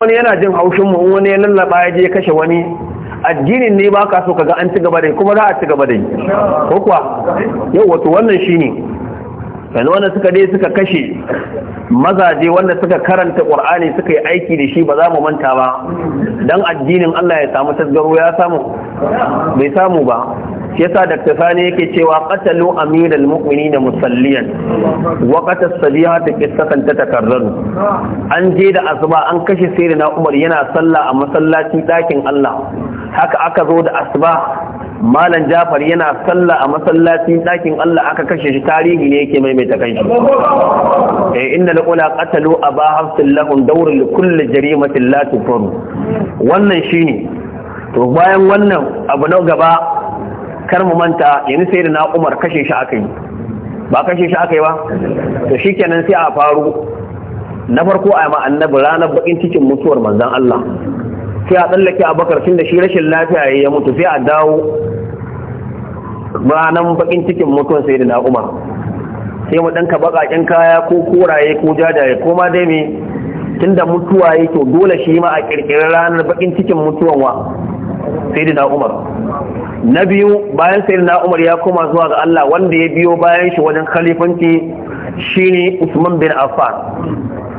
wani yana jin haushin mu wani ya lallaba ya je kashe wani addinin ne ba ka so ka ga an ci gaba da kuma za a ci gaba da yi ko kuwa yau wato wannan shi ne. yanzu wanda suka dai suka kashe mazaje wanda suka karanta ƙwar'ani suka yi aiki da shi ba za mu manta ba dan addinin Allah ya samu tasgaro ya samu bai samu ba shi yasa Dr. Sani yake cewa qatalu amiral mu'minin musalliyan wa qatas sabiha ta qissatan ta takarraru an je da asuba an kashe sayyidina Umar yana sallah a masallacin dakin Allah haka aka zo da asuba Malam Jafar yana sallah a masallacin ɗakin Allah aka kashe shi tarihi ne yake maimaita kanshi. Eh inna laqula qatalu aba hafsin lahum dawrun li kulli jarimatin la tufaru. Wannan shine. To bayan wannan abu na gaba kar mu manta yanzu sai da na umar kashe shi aka yi ba kashe shi aka yi ba to shi kenan sai a faru na farko a ma annabi ranar bakin cikin mutuwar manzan Allah sai a tsallake bakar tun da shi rashin lafiya ya ya mutu sai a dawo ranar bakin cikin mutuwar sai da na umar sai mu ɗanka baƙaƙen kaya ko koraye ko jajaye ko ma dai me tun da mutuwa ya to dole shi ma a ƙirƙirar ranar bakin cikin mutuwan wa sayyidina Umar na biyu bayan sayyidina Umar ya koma zuwa ga Allah wanda ya biyo bayan shi wajen khalifanci shine Usman bin Affan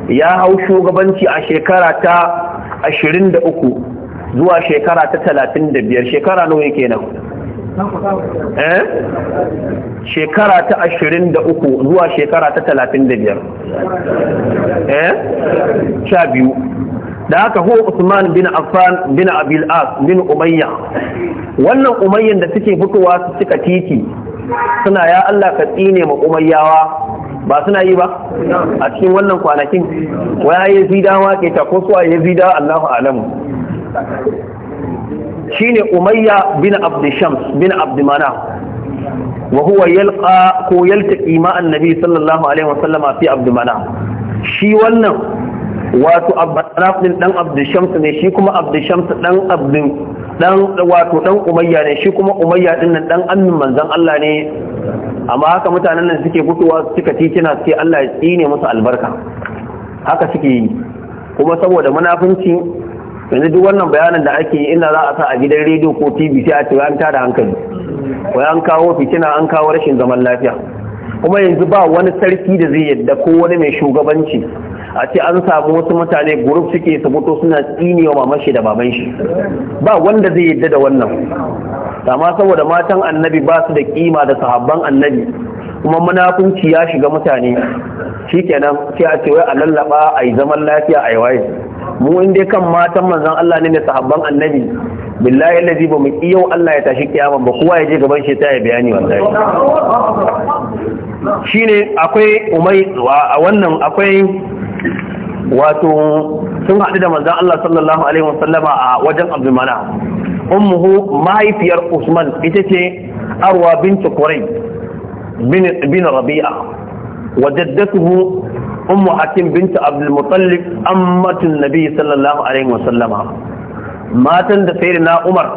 ya hau shugabanci a shekara ta 23 zuwa shekara ta 35 shekara nawa kenan eh shekara ta 23 zuwa shekara ta 35 eh sha biyu da haka huwa Usman bin Affan bin Abil As bin Umayya wannan Umayyan da suke fitowa su cika titi suna ya Allah ka tsine ma Umayyawa ba suna yi ba a cikin wannan kwanakin waya waye zidawa ke ta ko suwa ya zida Allahu alamu shine Umayya bin Abd Shams bin Abd Manaf wa huwa yalqa ko yaltaqi ma annabi sallallahu alaihi wasallama fi Abd Manaf shi wannan wato abbataraf din dan abdushams ne shi kuma abdushams dan abdin dan wato dan umayya ne shi kuma umayya din nan dan annin manzon Allah ne amma haka mutanen nan suke fitowa suka titina suke Allah ya tsine musu albarka haka suke yi kuma saboda munafunci yanzu duk wannan bayanan da ake yi inda za a sa a gidan rediyo ko tv sai a cewa an tada hankali wai an kawo fitina an kawo rashin zaman lafiya kuma yanzu ba wani sarki da zai yadda ko wani mai shugabanci a ce an samu wasu mutane guruf suke su fito suna tsinewa maman shi da baban shi ba wanda zai yadda da wannan amma saboda matan annabi ba su da kima da sahabban annabi kuma munafunci ya shiga mutane shikenan sai a ce wai a lallaba a yi zaman lafiya a yi waye mu in dai kan matan manzon Allah ne da sahabban annabi billahi allazi ba mu yau Allah ya tashi kiyama ba kowa ya je gaban shi ta ya bayani wallahi shine akwai umai a wannan akwai wato sun haɗu da manzan Allah sallallahu alaihi wasallama a wajen abdulmana ummuhu mahaifiyar usman ita ce arwa binta kurai bin rabi'a wa daddatuhu ummu hakim binta abdulmutallib Ammatin nabi sallallahu alaihi wasallama matan da na umar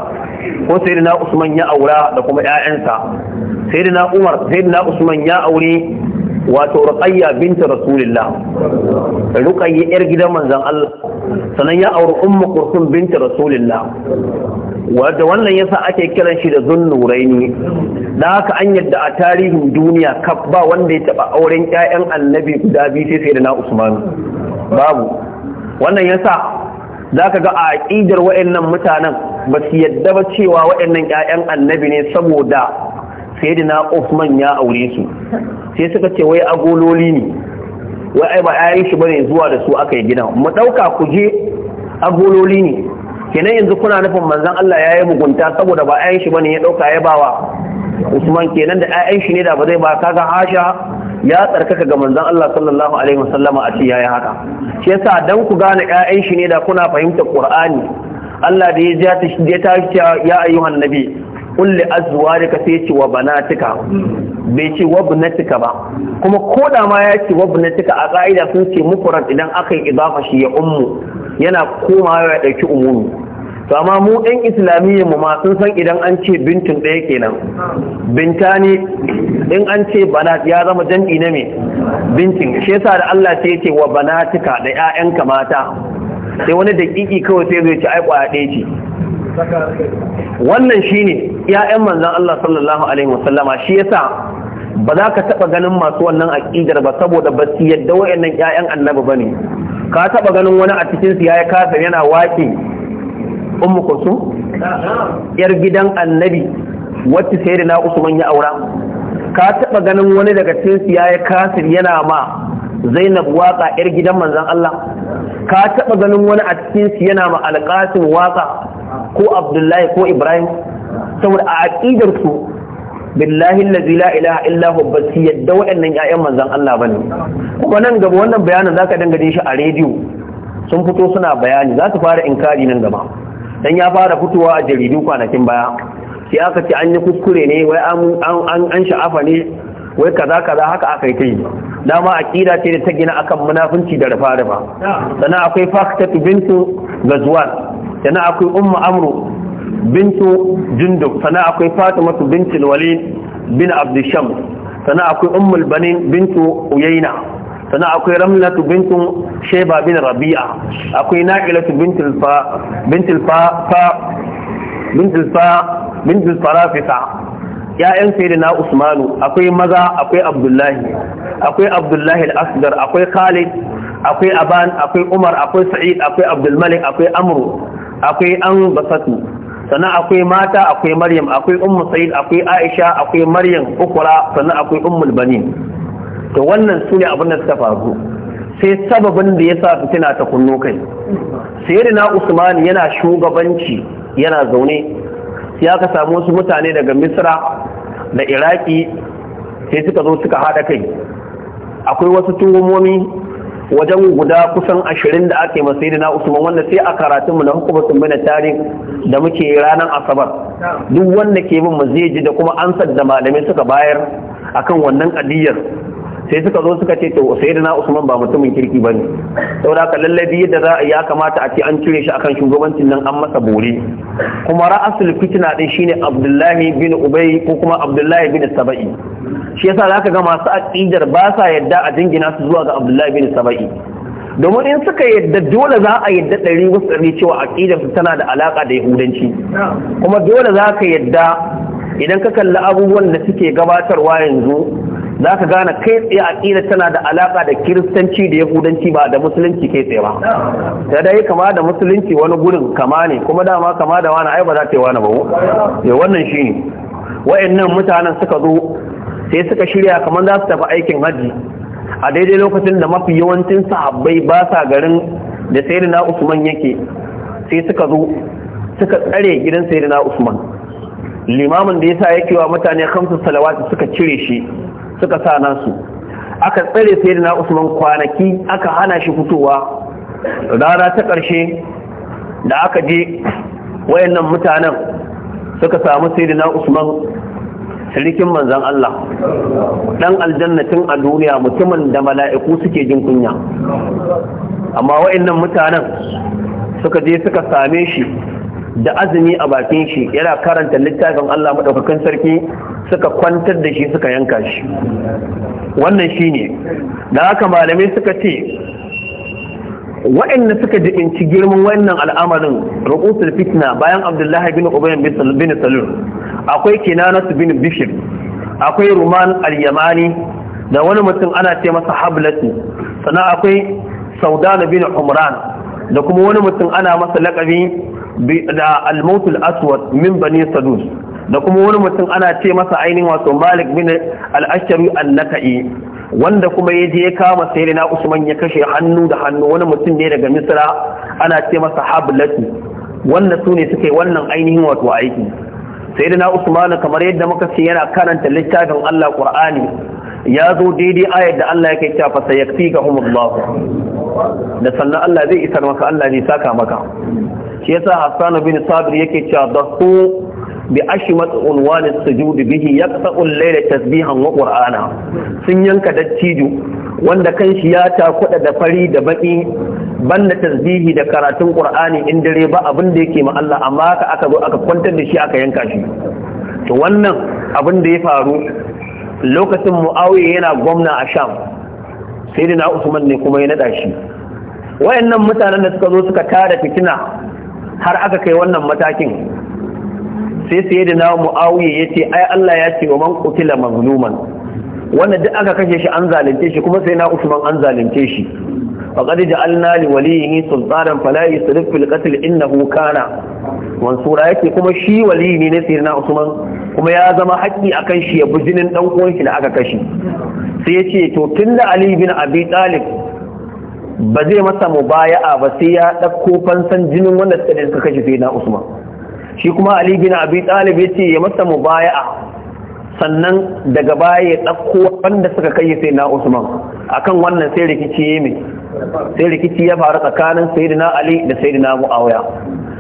ko na usman ya aura da kuma ƴaƴansa na umar na usman ya aure wato ruqayya binta rasulillah ruqayya yar gidan manzon Allah sanan ya auri ummu kurfin binta rasulillah wanda wannan yasa ake kiran shi da zunnuraini da haka an yadda a tarihin duniya kaf ba wanda ya taba auren ƴaƴan annabi guda biyu sai sayyidina usman babu wannan yasa zaka ga a aqidar waɗannan mutanen ba su yadda ba cewa waɗannan ƴaƴan annabi ne saboda sayyidina Uthman ya aure su sai suka ce wai agololi ne wai ai ba yayin shi bane zuwa da su aka yi gidan mu dauka ku je agololi ne kenan yanzu kuna nufin manzon Allah ya yi mugunta saboda ba yayin shi bane ya dauka ya bawa Usman kenan da 'ya'yan shi ne da ba zai ba kaga Aisha ya tsarkaka ga manzon Allah sallallahu alaihi wasallama a ce yayi haka shi yasa dan ku gane 'ya'yan shi ne da kuna fahimtar Qur'ani Allah da ya ja ta ya ayyuhan nabi kulli azwarika sai ce wa banatika bai ce wa banatika ba kuma koda ma ya ce wa banatika a ka'ida sun ce idan aka yi idafa shi ya ummu yana komawa ya dauki umumi to amma mu ɗan islamiyya mu ma sun san idan an ce bintun ɗaya kenan binta ne in an ce banat ya zama jam'i na me bintin shi yasa da Allah sai ce wa banatika da ƴaƴanka mata sai wani daƙiƙi kawai sai zai ce ai ƙwaya ɗaya ce wannan shine ƴaƴan manzon Allah sallallahu alaihi wasallama shi yasa ba za ka taɓa ganin masu wannan aƙidar ba saboda ba su yadda wa'annan 'ya'yan annabi ba ne ka taɓa ganin wani a cikin su yi kasar yana wake ummu kusu yar gidan annabi wacce sai da na usman ya aura ka taɓa ganin wani daga cikin su yi kasar yana ma zainab waka yar gidan manzon Allah ka taɓa ganin wani a cikin su yana ma alƙasim waka ko abdullahi ko ibrahim saboda a aƙidarsu, su billahi allazi la ilaha illa ba yadda waɗannan ƴaƴan manzan Allah bane kuma nan gaba wannan bayanin zaka danga shi a rediyo sun fito suna bayani za su fara inkari nan gaba dan ya fara fitowa a jaridu kwanakin baya sai aka ce an yi kuskure ne wai an sha'afa ne wai kaza kaza haka aka yi ta yi dama aƙida ce da ta gina akan munafunci da rufa rufa sannan akwai fakta bintu Gazuwar. yana akwai Umma amru bintu jundub sana akwai fatimatu bintul walid bin abdisham sana akwai ummul banin bintu uyaina sana akwai ramlatu bintu sheba bin rabi'a akwai naqilatu bintul fa bintul fa bintul farafisa ya'yan na usmanu akwai maza akwai abdullahi akwai abdullahi al-asgar akwai khalid akwai aban akwai umar akwai sa'id akwai abdul malik akwai amru akwai an basatu sannan akwai mata akwai maryam akwai ummu sa'id akwai aisha akwai maryam ukura sannan akwai ummul banin to wannan sune abin da suka faru sai sababin da ya sa fitina ta kunno kai sayyidina usman yana shugabanci yana zaune ya ka samu wasu mutane daga misra da iraki sai suka zo suka haɗa kai akwai wasu tuhumomi wajen guda kusan ashirin da ake masai na usman wanda sai a karatunmu na hukumatun mana tarihi da muke ranar asabar duk wanda ke bin mu zai ji da kuma ansar da malamai suka bayar akan wannan adiyar sai suka zo suka ce to sai na usman ba mutumin kirki ba ne saboda lallai biyu yadda za a ya kamata a ce an cire shi akan shugabancin nan an masa bore kuma ra'asul fitina din shine abdullahi bin ubay ko kuma abdullahi bin saba'i shi yasa zaka ga masu aqidar ba sa yadda a jingina su zuwa ga abdullahi bin saba'i domin in suka yadda dole za a yadda ɗari wasu ɗari cewa aƙidar su tana da alaka da yahudanci kuma dole za ka yadda idan ka kalli abubuwan da suke gabatarwa yanzu za ka gane kai tsaye aƙida tana da alaƙa da kiristanci da yahudanci ba da musulunci kai tsaye ba ta dai kama da musulunci wani gurin kama ne kuma dama kama da wani ai ba za ta yi wani ba ya eh, wannan shi ne wa'annan mutanen suka zo sai suka shirya kamar za su tafi aikin hajji a daidai lokacin da mafi yawancin sahabbai ba sa garin da sayyidina usman yake sai suka zo suka tsare gidan sayyidina usman limamin da ya sa yake wa mutane kamsu salawatu suka cire shi suka sa nasu aka tsare sai na usman kwanaki aka hana shi fitowa rana ta ƙarshe da aka je wayannan mutanen suka samu sai na usman sirikin manzan Allah ɗan aljannatin a duniya mutumin da mala'iku suke jin kunya amma wayannan mutanen suka je suka same shi da azumi a bakin shi yana karanta littafin Allah madaukakan sarki suka kwantar da shi suka yanka shi wannan shine da haka malamai suka ce waɗanda suka jibinci girman wannan al'amarin rukusul fitna bayan abdullahi bin ubayan bin salur akwai kinanasu bin bishir akwai ruman al-yamani da wani mutum ana ce masa hablatu sannan akwai saudana bin umran da kuma wani mutum ana masa laƙabi da almautul aswad min bani sadus da kuma wani mutum ana ce masa ainihin wato malik bin al-ashari al-naka'i wanda kuma ya je ya kama sai na usman ya kashe hannu da hannu wani mutum ne daga misra ana ce masa hablatu wanda su ne wannan ainihin wato aiki sai na usman kamar yadda muka ce yana karanta littafin allah qur'ani ya zo daidai ayar da Allah yake cewa fa sayaktikahumullah da sannan Allah zai isar maka Allah zai saka maka shi yasa Hassan bin Sabir yake cewa dahu bi ashmat unwan as-sujud bihi yaqta'u al-layla tasbihan wa qur'ana sun yanka dattiju wanda shi ya takuda da fari da baki banda tasbihi da karatun qur'ani in dare ba abin da yake ma Allah amma ka aka zo aka kwantar da shi aka yanka shi to wannan abin da ya faru lokacin mu'awiyya yana gwamna a sham sai da usman ne kuma ya naɗa shi wayannan mutanen da suka zo suka tara fitina har aka kai wannan matakin sai sai da na mu'awiya ya ce ai Allah ya ce wa man qutila mazluman wanda duk aka kashe shi an zalunce shi kuma sai na usman an zalunce shi faqad ja'alna li waliyhi sultanan fala yusrif fil qatl innahu kana mansura yake kuma shi wali ne na sirna usman kuma ya zama haƙƙi akan shi ya bujinin dan uwan shi da aka kashi sai ya ce to tunda ali bin abi talib ba zai masa mubaya'a ba sai ya dauko fansan jinin wanda suka kashi na usman shi kuma ali bin abi talib ce ya masa mubaya'a sannan daga baya ya ɗauko wanda suka kai sai na Usman akan wannan sai rikici ya mai sai rikici ya faru tsakanin sayyidina Ali da sayyidina Muawiya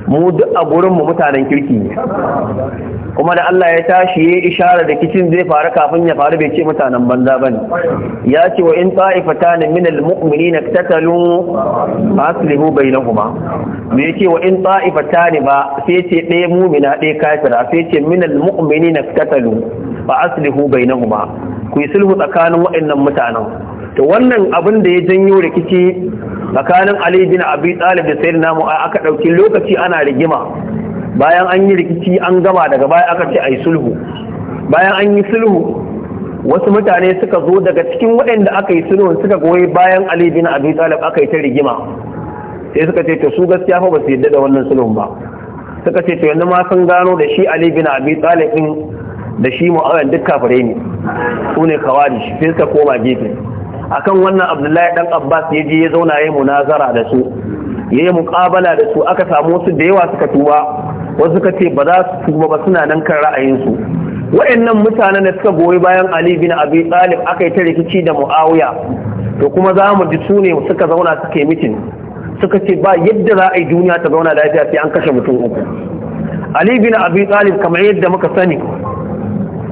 mu duk a gurin mutanen kirki ne kuma da Allah ya tashi ya isharar da kicin zai faru kafin ya faru bai ce mutanen banza bane ya ce wa in ta'ifatan min almu'minina tatalu aslihu bainahuma me yake wa in ta'ifatan ba sai ce ɗaya mu'mina ɗaya kafira sai ce min almu'minina tatalu fa aslihu bainahuma ku yi sulhu tsakanin waɗannan mutanen to wannan abin da ya janyo rikici tsakanin Ali bin Abi Talib da Sayyidina Mu'awiya aka dauki lokaci ana rigima bayan an yi rikici an gama daga baya aka ce ai sulhu bayan an yi sulhu wasu mutane suka zo daga cikin waɗanda aka yi sulhun suka goyi bayan Ali bin Abi Talib aka yi ta rigima sai suka ce to su gaskiya fa ba su yadda da wannan sulhun ba suka ce to yanzu ma sun gano da shi Ali bin Abi Talib din da shi mu'awiya duk kafirai ne su ne kawari sai suka koma gefe akan wannan abdullahi dan abbas ya je ya zauna ya yi munazara da su ya yi muƙabala da su aka samu wasu da yawa suka tuba wasu suka ce ba za su tuba ba suna nan kan ra'ayinsu waɗannan mutanen da suka goyi bayan ali bin abi talib aka yi ta rikici da muawiya to kuma za mu ji su ne suka zauna suka yi mitin suka ce ba yadda za a yi duniya ta zauna lafiya sai an kashe mutum uku ali bin abi talib kamar yadda muka sani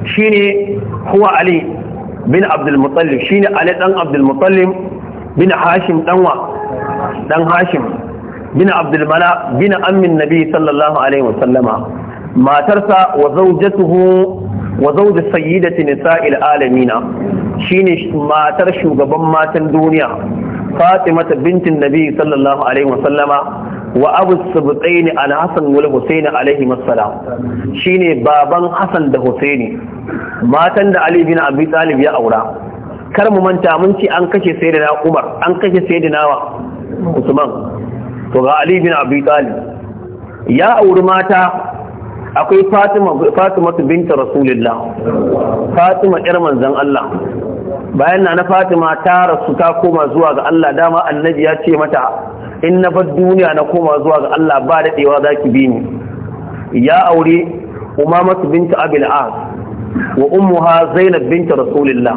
shine huwa ali bin abdul mutallib shine ali dan abdul mutallib bin hashim danwa dan hashim bin abdul mala bin ammin nabi sallallahu alaihi wasallama matarsa wa zawjatuhu wa zawju sayyidati nisa'il alamina shine matar shugaban matan duniya Fatima bintin Nabi sallallahu alaihi wa sallama wa Abu Subtain al-Hasan wal Husayn alaihi wassalam shine baban Hassan da Husaini matan da Ali bin Abi Talib ya aura kar mu manta mun ce an kashe sayyidina Umar an kashe sayyidina Usman to ga Ali bin ya auri mata akwai fatima fatima binta rasulillah. fatima yar manzon Allah bayan na fatima ta rasu ta koma zuwa ga Allah dama annabi ya ce mata in na bar duniya na koma zuwa ga Allah ba daɗewa za ki bi ni ya aure umamatu binta abil as wa ummuha zainab binta rasulillah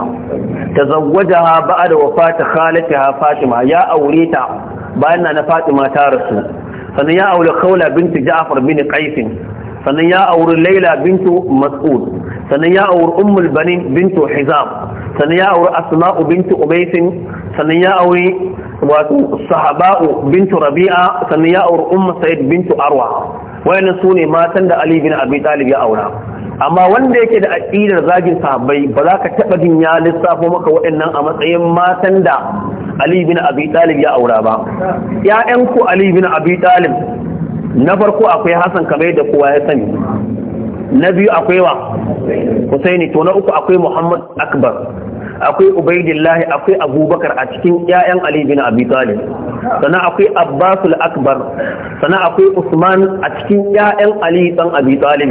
tazawwajaha ba'da wafati khalatiha fatima ya aure ta bayan na fatima ta rasu sannan ya aure khawla binta ja'far bin qais sannan ya auri laila bintu mas'ud sannan ya auri ummul banin bintu hizam sannan ya auri asma'u bintu ubaysin sannan ya auri wato sahaba'u bintu rabi'a sannan ya auri ummu sa'id bintu arwa wayannan su ne matan da ali bin abi talib ya aura amma wanda yake da aqidar zagin sahabbai ba za ka taba jin ya lissafo maka waɗannan a matsayin matan da ali bin abi talib ya aura ba ya'yan ku ali bin abi talib na farko akwai Hassan kamar da kowa ya sani na biyu akwai wa Husaini to na uku akwai Muhammad Akbar akwai Ubaidillah akwai Abubakar a cikin ƴaƴan Ali bin Abi Talib sannan akwai Abbasul Akbar sannan akwai Usman a cikin ƴaƴan Ali dan Abi Talib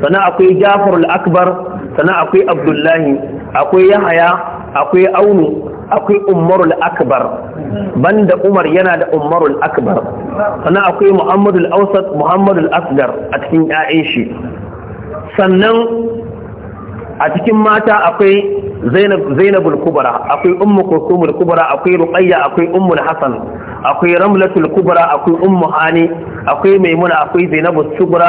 sannan akwai Ja'far al-Akbar sannan akwai Abdullahi akwai Yahaya akwai Aunu akwai umarul akbar banda umar yana da umarul akbar sannan akwai muhammadul ausat muhammadul asgar a cikin ya'in shi sannan a cikin mata akwai zainabul kubra akwai ummu kulsumul kubra akwai ruqayya akwai ummul hasan akwai ramlatul kubra akwai ummu hani akwai maimuna akwai zainabul sugura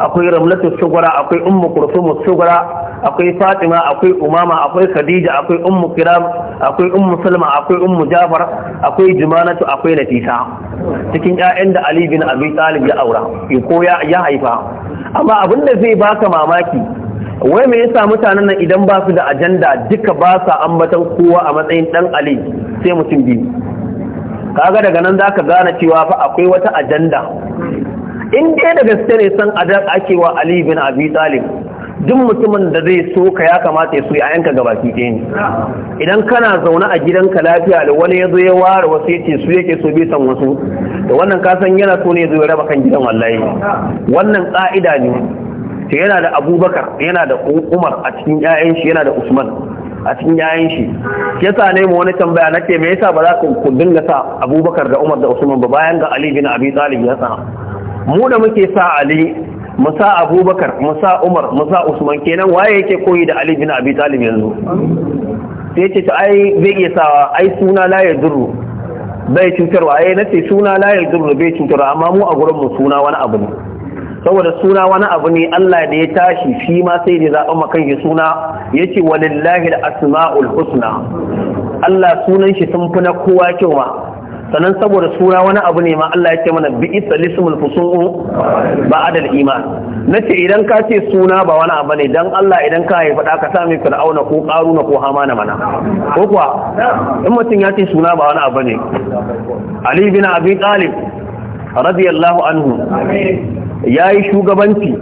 akwai ramlatul sugura akwai ummu kulsumul sugura akwai fatima akwai umama akwai khadija akwai ummu kiram akwai ummu salma akwai ummu jafar akwai jumanatu akwai latifa cikin ƴaƴan da ali bin abi talib ya aura ko ya haifa amma abin da zai baka mamaki wai me yasa mutanen nan idan ba su da ajanda duka ba sa ambatan kowa a matsayin dan ali sai mutum biyu kaga daga nan zaka gane cewa fa akwai wata ajanda in dai da gaske ne san adar ake wa Ali bin Abi Talib duk mutumin da zai so ka ya kamata ya so a yanka gaba ke ne idan kana zaune a gidanka lafiya da wani ya zo ya ware wasu ya ce su yake so bai san wasu da wannan kasan yana so ne zo ya raba kan gidan wallahi wannan ka'ida ne ta yana da abubakar yana da umar a cikin 'ya'yan shi yana da usman a cikin 'ya'yan shi sa ne mu wani tambaya nake me yasa ba za ku ku dinga sa Abubakar da Umar da Usman ba bayan ga Ali bin Abi Talib ya sa mu da muke sa Ali musa abubakar musa umar musa usman kenan waye yake koyi da ali bin abi talib yanzu sai ce ai zai iya sawa ai suna la ya duru bai cutarwa eh, ai ce suna la ya duru bai cutarwa amma mu a gurin mu suna wani abu ne saboda suna wani abu ne Allah da ya tashi shi ma sai da zaɓa makan shi suna yace ce walillahi da asma'ul husna Allah sunan shi sun fi na kowa kyau ma sannan saboda suna wani abu ne ma Allah ya ce mana bi isa lismul fusu'u ba adal iman nace idan ka ce suna ba wani abu ne dan Allah idan ka haifa da ka sami fir'auna ko qaruna ko hamana mana ko kuwa in mutum ya ce suna ba wani abu ne ali bin abi talib radiyallahu anhu yayi shugabanci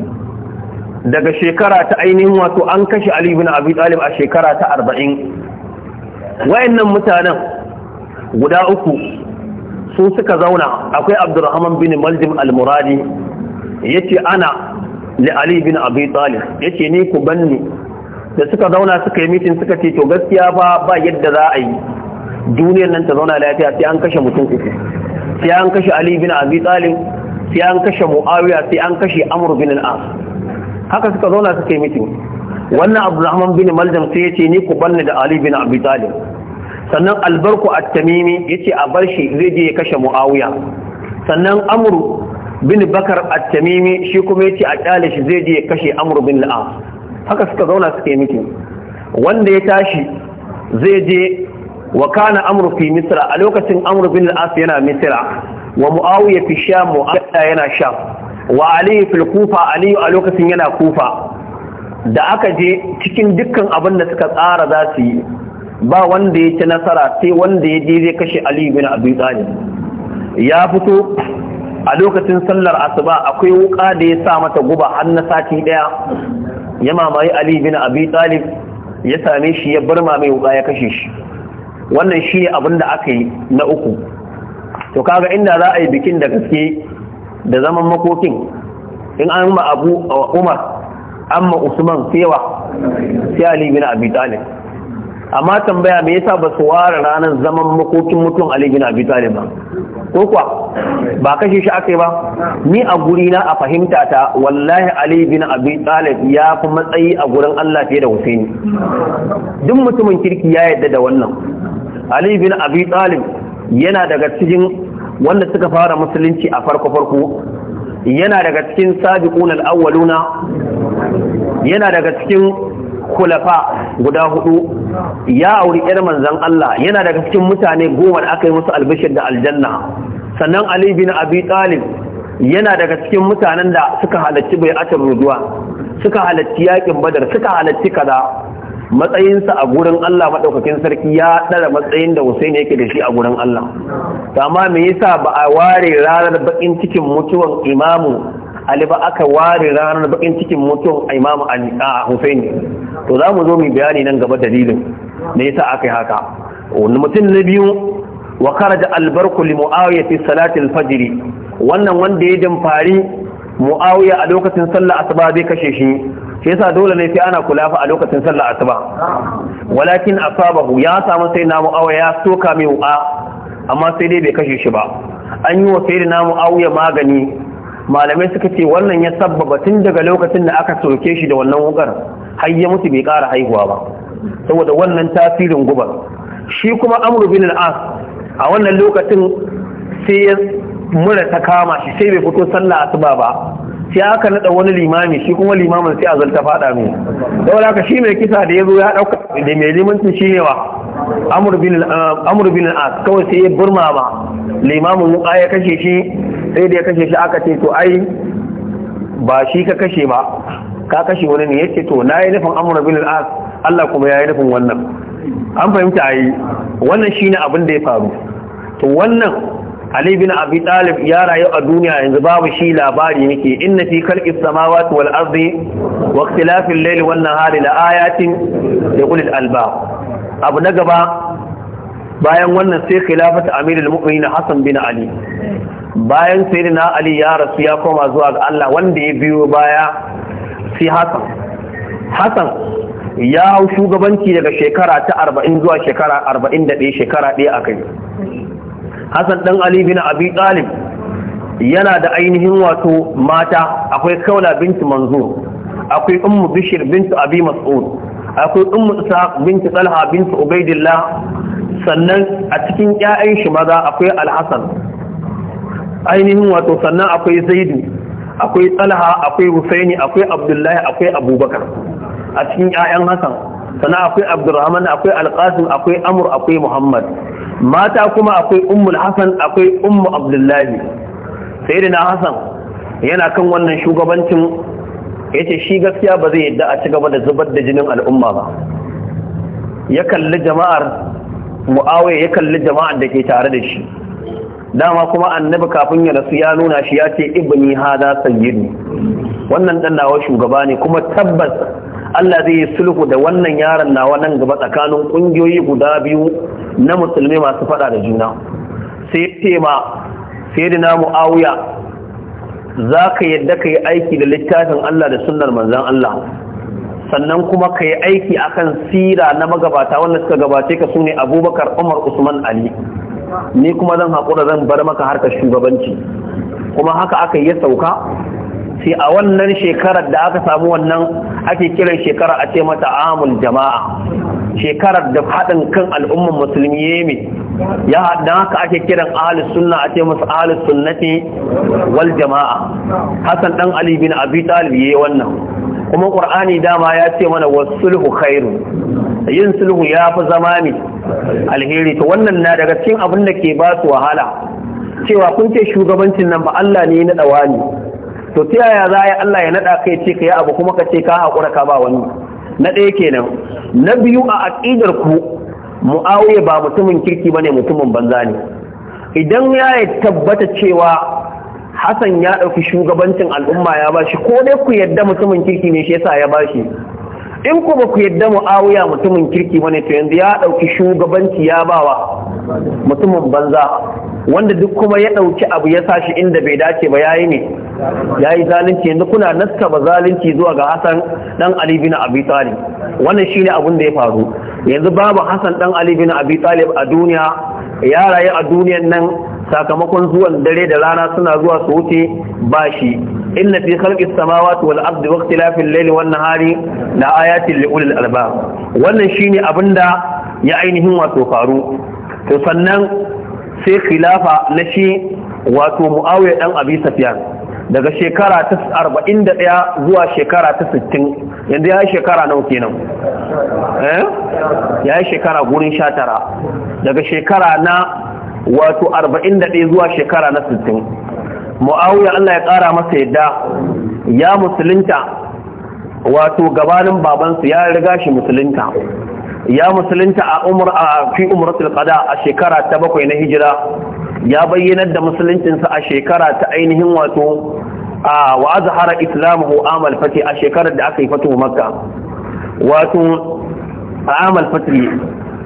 daga shekara ta ainihin wato an kashe ali bin abi talib a shekara ta arba'in. wayannan mutanen guda uku su suka zauna akwai abdurrahman bin maljim al-muradi ce ana li ali bin abi talib ce ni ku banni da suka zauna suka yi mitin suka ce to gaskiya fa ba yadda za a yi duniyar nan ta zauna lafiya sai an kashe mutum uku sai an kashe ali bin abi talib sai an kashe muawiya sai an kashe amr bin al-as haka suka zauna suka yi mitin wannan abdurrahman bin maljam sai ce ni ku banni da ali bin abi talib sannan albarku at-tamimi ya ce a bar shi zai je ya kashe muawiya sannan amru bin bakar at-tamimi shi kuma ya ce a kyale shi zai je ya kashe amru bin haka suka zauna suke miki wanda ya tashi zai je wa kana amru fi misra a lokacin amru bin yana misra wa muawiya fi sha muawiya yana sha. wa Aliyu fil kufa aliyu a lokacin yana kufa da aka je cikin dukkan abin da suka tsara za su yi ba wanda ya ci nasara sai wanda ya je zai kashe Ali bin Abi Talib ya fito a lokacin sallar asuba akwai wuka da ya sa mata guba har na sati daya ya mamaye Ali bin Abi Talib ya same shi ya barma mai wuka ya kashe shi wannan shi abin da aka yi na uku to kaga inda za a yi bikin da gaske da zaman makokin in an ma Abu Umar amma Usman sewa sai Ali bin Abi Talib amma tambaya me yasa ba su ware ranar zaman makokin mutum Ali bin Abi Talib ba ko kuwa ba kashe shi aka yi ba ni a guri na a fahimta ta wallahi Ali bin Abi Talib ya fi matsayi a gurin Allah fiye da Husaini duk mutumin kirki ya yarda da wannan Ali bin Abi Talib yana daga cikin wanda suka fara musulunci a farko farko yana daga cikin sabiqun awwaluna yana daga cikin Kulafa guda hudu ya auri yar manzan Allah yana daga cikin mutane goma da aka yi musu albishir da aljanna sannan Ali bin Abi Talib yana daga cikin mutanen da suka halarci atar ruduwa suka halarci yakin badar suka halarci kaza matsayinsa a gurin Allah Madaukakin sarki ya ɗara matsayin da Hussein yake da shi a gurin Allah. Amma me yasa ba a ware ranar bakin cikin mutuwan imamu ali aka ware ranar bakin cikin mutum a imam a husaini to za mu zo mu bayani nan gaba dalilin da yasa aka yi haka wani mutum na biyu wa da albarku li muawiya fi salati al wannan wanda ya damfari muawiya a lokacin sallah asuba zai kashe shi shi yasa dole ne sai ana kula fa a lokacin sallah asuba walakin asabahu ya samu sai na muawiya ya soka mai wa amma sai dai bai kashe shi ba an yi wa sai da na muawiya magani malamai suka ce wannan ya sabbaba tun daga lokacin da aka soke shi da wannan wukar har ya mutu bai ƙara haihuwa ba saboda wannan tasirin gubar shi kuma amru bin al-as a wannan lokacin sai ya mura ta kama shi sai bai fito sallah asuba ba sai aka nada wani limami shi kuma limamin sai azal ta fada mai saboda haka shi mai kisa da yazo ya dauka da mai limancin shi ne wa amru bin al as kawai sai ya burma ba. limamin ya kashe shi sai da ya kashe shi aka ce to ai ba shi ka kashe ba ka kashe wani ne yace to na yi nufin amur bin al'as Allah kuma ya yi nufin wannan an fahimta a yi wannan shi ne abin da ya faru to wannan Ali bin Abi Talib ya rayu a duniya yanzu babu shi labari nake inna fi khalqis samawati wal ardi wa ikhtilafil layli wan nahari la ayatin li ulil albab abu na gaba bayan wannan sai khilafat amirul mu'minin Hassan bin Ali bayan sai na Ali ya rasu ya koma zuwa ga Allah wanda ya biyo baya sai Hassan Hassan ya hau shugabanci daga shekara ta 40 zuwa shekara 41 shekara ɗaya akai Hassan dan Ali bin Abi Talib yana da ainihin wato mata akwai Kaula binti Manzur akwai Ummu Bishir binti Abi Mas'ud akwai Ummu Isa binti Talha binti Ubaidillah sannan a cikin 'ya'yan shi maza akwai alhassan ainihin wato sannan akwai zaidu akwai talha akwai husaini akwai abdullahi akwai abubakar a cikin 'ya'yan hassan sannan akwai abdurrahman akwai alkasim akwai amur akwai muhammad mata kuma akwai ummul hassan akwai ummu abdullahi sai na hassan yana kan wannan shugabancin yace shi gaskiya ba zai yadda a ci gaba da zubar da jinin al'umma ba ya kalli jama'ar mu'awiya ya kalli jama'ar da ke tare da shi dama kuma annabi kafin ya rasu ya nuna shi ya ce ibni hada sayyidu wannan dan nawa shugaba ne kuma tabbas Allah zai yi sulhu da wannan yaron nawa nan gaba tsakanin kungiyoyi guda biyu na musulmi masu fada da juna sai ce ma sayyidina muawiya ka yadda yi aiki da littafin Allah da sunnar manzan Allah sannan kuma ka yi aiki akan sira na magabata wanda suka gabace ka sune abubakar umar usman ali ni kuma zan haƙura zan bar maka harkar shugabanci kuma haka aka yi sauka sai a wannan shekarar da aka samu wannan ake kiran shekara a ce mata amul jama'a shekarar da haɗin kan al'ummar musulmi ya mai ya don haka ake kiran ahalus sunna a ce musu ahalus sunnati wal jama'a hasan dan ali bin abi ya yi wannan kuma qur'ani dama ya ce mana sulhu khairu yin sulhu ya fi zama ne alheri to wannan na daga cikin abin da ke ba su wahala cewa kun ce shugabancin nan ba Allah ne ya nada wani to ta yaya za yi Allah ya naɗa kai ce ka yi abu kuma ka ce ka haƙura ka ba wani na ɗaya kenan na biyu a aƙidar ku mu'awiya ba mutumin kirki ba ne mutumin banza ne idan ya tabbata cewa Hassan ya ɗauki shugabancin al'umma ya bashi ko dai ku yadda mutumin kirki ne shi yasa ya bashi in ku ba ku yadda mu'awiya mutumin kirki bane to yanzu ya ɗauki shugabanci ya bawa mutumin banza wanda duk kuma ya ɗauki abu ya sa shi inda bai dace ba yayi ne yayi zalunci yanzu kuna ba zalunci zuwa ga Hassan dan Ali bin Abi Talib wannan shine abin da ya faru yanzu babu Hassan dan Ali bin Abi Talib a duniya ya rayu a duniyan nan sakamakon zuwan dare da rana suna zuwa su wuce ba shi inna fi khalqis samawati wal ardi wa ikhtilafil layli wan nahari la ayatin li ulil albab wannan shine abinda ya ainihin wato faru to sannan sai khilafa na shi wato muawiya dan abi sufyan daga shekara ta 41 zuwa shekara ta 60 yanzu ya yi shekara nawa kenan eh ya yi shekara gurin 19 daga shekara na wato 41 zuwa shekara na 60 mu'awiyar Allah ya kara masa yadda ya musulunta wato gabanin babansu ya riga shi musulunta ya musulunta a umar a fi umratul qada a shekara ta bakwai na hijira ya bayyanar da musuluncinsa a shekara ta ainihin wato a wa azhara islamuhu amal fati a shekarar da aka yi fatu makka wato amal fati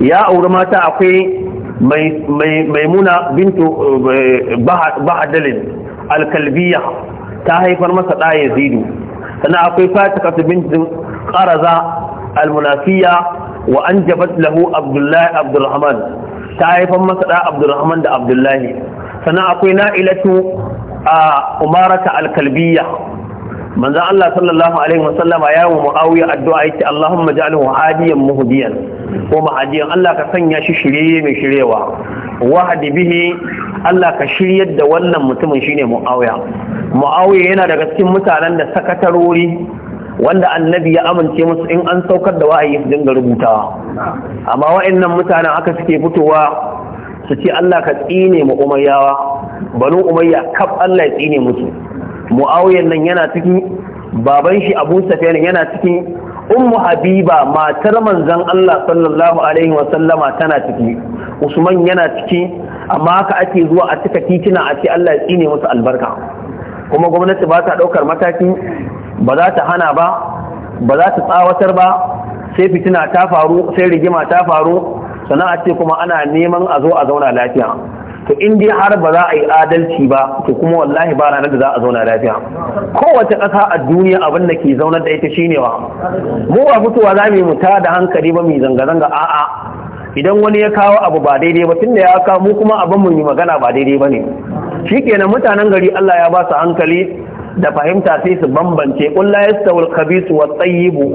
ya auri mata akwai maimuna bintu eh, bahadalin alkalbiya ta haifar masa ɗaya zidu sannan akwai fatika bintu ƙaraza almunafiya wa an jabat lahu abdullahi abdulrahman ta haifar masa ɗa abdulrahman da abdullahi sannan akwai na'ilatu a ah, umarata alkalbiya manzon Allah sallallahu alaihi wa sallama ya yi Muawiya addu'a yake Allahumma ja'alhu hadiyan muhdiyan ko mahadiyan Allah ka sanya shi shirye mai shirewa wahdi bihi Allah ka shiryar da wannan mutumin shine Muawiya Muawiya yana daga cikin mutanen da sakatarori wanda annabi ya amince musu in an saukar da wa'ayi su dinga rubutawa amma wa'annan mutanen aka suke fitowa su ce Allah ka tsine mu umayyawa banu umayya kaf Allah ya tsine musu mu'awiyan nan yana cikin baban shi abu safiyan yana cikin ummu habiba matar manzon Allah sallallahu alaihi wa tana ciki usman yana ciki amma haka ake zuwa a cika titina a ce Allah ya tsine musu albarka kuma gwamnati ba ta daukar mataki ba za ta hana ba ba za ta tsawatar ba sai fitina ta faru sai rigima ta faru sana'a ce kuma ana neman a zo a zauna lafiya to in dai har ba za a yi adalci ba to kuma wallahi ba ranar da za a zauna lafiya kowace ƙasa a duniya abin da ke zaunar da ita shine wa mu ba fitowa za mu ta da hankali ba mu zanga-zanga a'a idan wani ya kawo abu ba daidai ba tunda ya kawo mu kuma abin mu yi magana ba daidai ba ne shikenan mutanen gari Allah ya ba su hankali da fahimta sai su bambance kullu yastawul khabisu wat tayyibu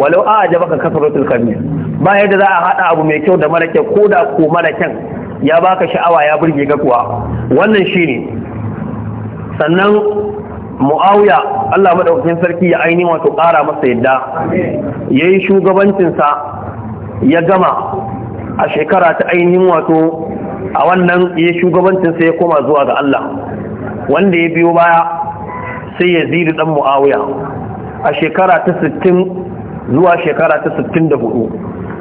walau a'jabaka kasratul khabis ba yadda za a hada abu mai kyau da mara kyau ko da ko mara kyau. ya baka sha'awa ya burge ka kuwa wannan shine sannan mu'awiya Allah madaukakin sarki ya aini wato ƙara masa yadda yayi shugabancinsa ya gama a shekara ta ainihin wato a wannan ya shugabancinsa ya koma zuwa ga Allah wanda ya biyo baya sai ya dan mu'awiya a shekara ta 60 zuwa shekara ta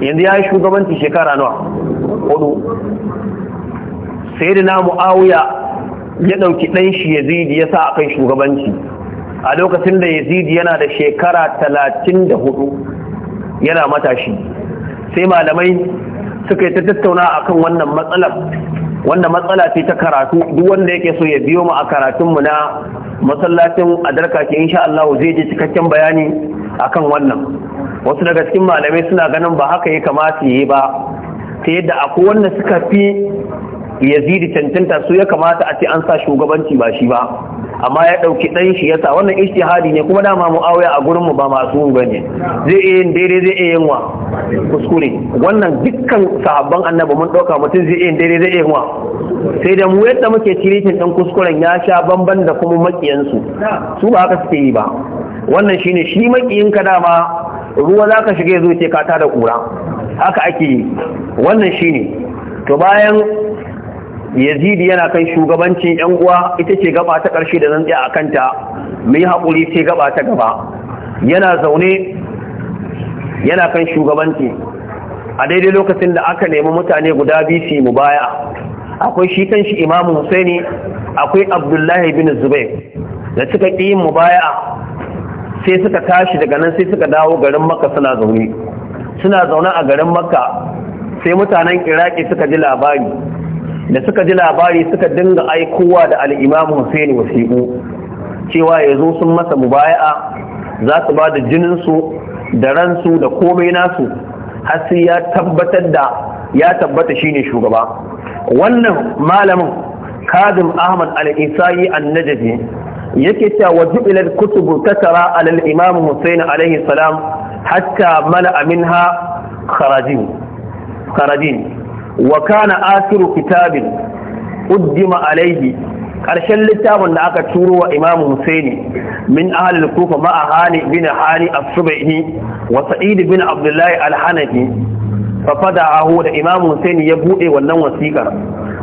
yanzu ya yi shugabanci shekara nawa hudu sai da na mu'awiya ya ɗauki ɗan shi yazidi ya sa a kan shugabanci a lokacin da yazidi yana da shekara talatin da hudu yana matashi sai malamai suka yi ta tattauna akan wannan matsalar wanda matsala ce ta karatu duk wanda yake so ya biyo mu a karatunmu na masallacin adarka ke insha Allah zai ji cikakken bayani akan wannan wasu daga cikin malamai suna ganin ba haka ya kamata yi ba ta yadda akwai wanda suka fi yazidi cancanta su ya kamata a ce an sa shugabanci ba shi ba amma ya ɗauki ɗan shi ya sa wannan ishtihadi ne kuma dama mu'awiya a gurin mu ba masu ba ne zai iya yin daidai zai iya yin wa kuskure wannan dukkan sahabban annabi mun ɗauka mutum zai iya yin daidai zai iya yin wa sai da mu yadda muke cirikin ɗan kuskuren ya sha bamban da kuma maƙiyansu su ba haka suke yi ba wannan shine shi maƙiyinka dama ruwa za ka shiga ya zo ce ka da ƙura haka ake yi wannan shine to bayan yazidi yana kan shugabancin yan uwa ita ce gaba ta ƙarshe da zan tsaya a kanta mu haƙuri ce gaba ta gaba yana zaune yana kan shugabanci a daidai lokacin da aka nemi mutane guda biyu su mu baya akwai shi kan shi imamu husaini akwai abdullahi bin zubair da suka ƙi yin baya sai suka tashi daga nan sai suka dawo garin makka suna zaune suna zaune a garin makka sai mutanen iraki suka ji labari da suka ji labari suka dinga aikowa da Al'imamu Hussein wasiƙu cewa ya zo sun masa mubaya'a za su ba da jininsu da ransu da komai nasu Hasi ya tabbatar da ya tabbata shine shugaba wannan malamin kadim ahmad al-isai yake cewa wajibilat kutubu tatara alal imam Hussein alaihi salam hatta mala'a minha kharajin wa asiru kitabin uddima alaihi ƙarshen littafin da aka turo wa imam husaini min ahalil kufa ma'a hani bin hani as-subaihi wa sa'id bin abdullahi al-hanafi fa fada'ahu da imam husaini ya bude wannan wasikar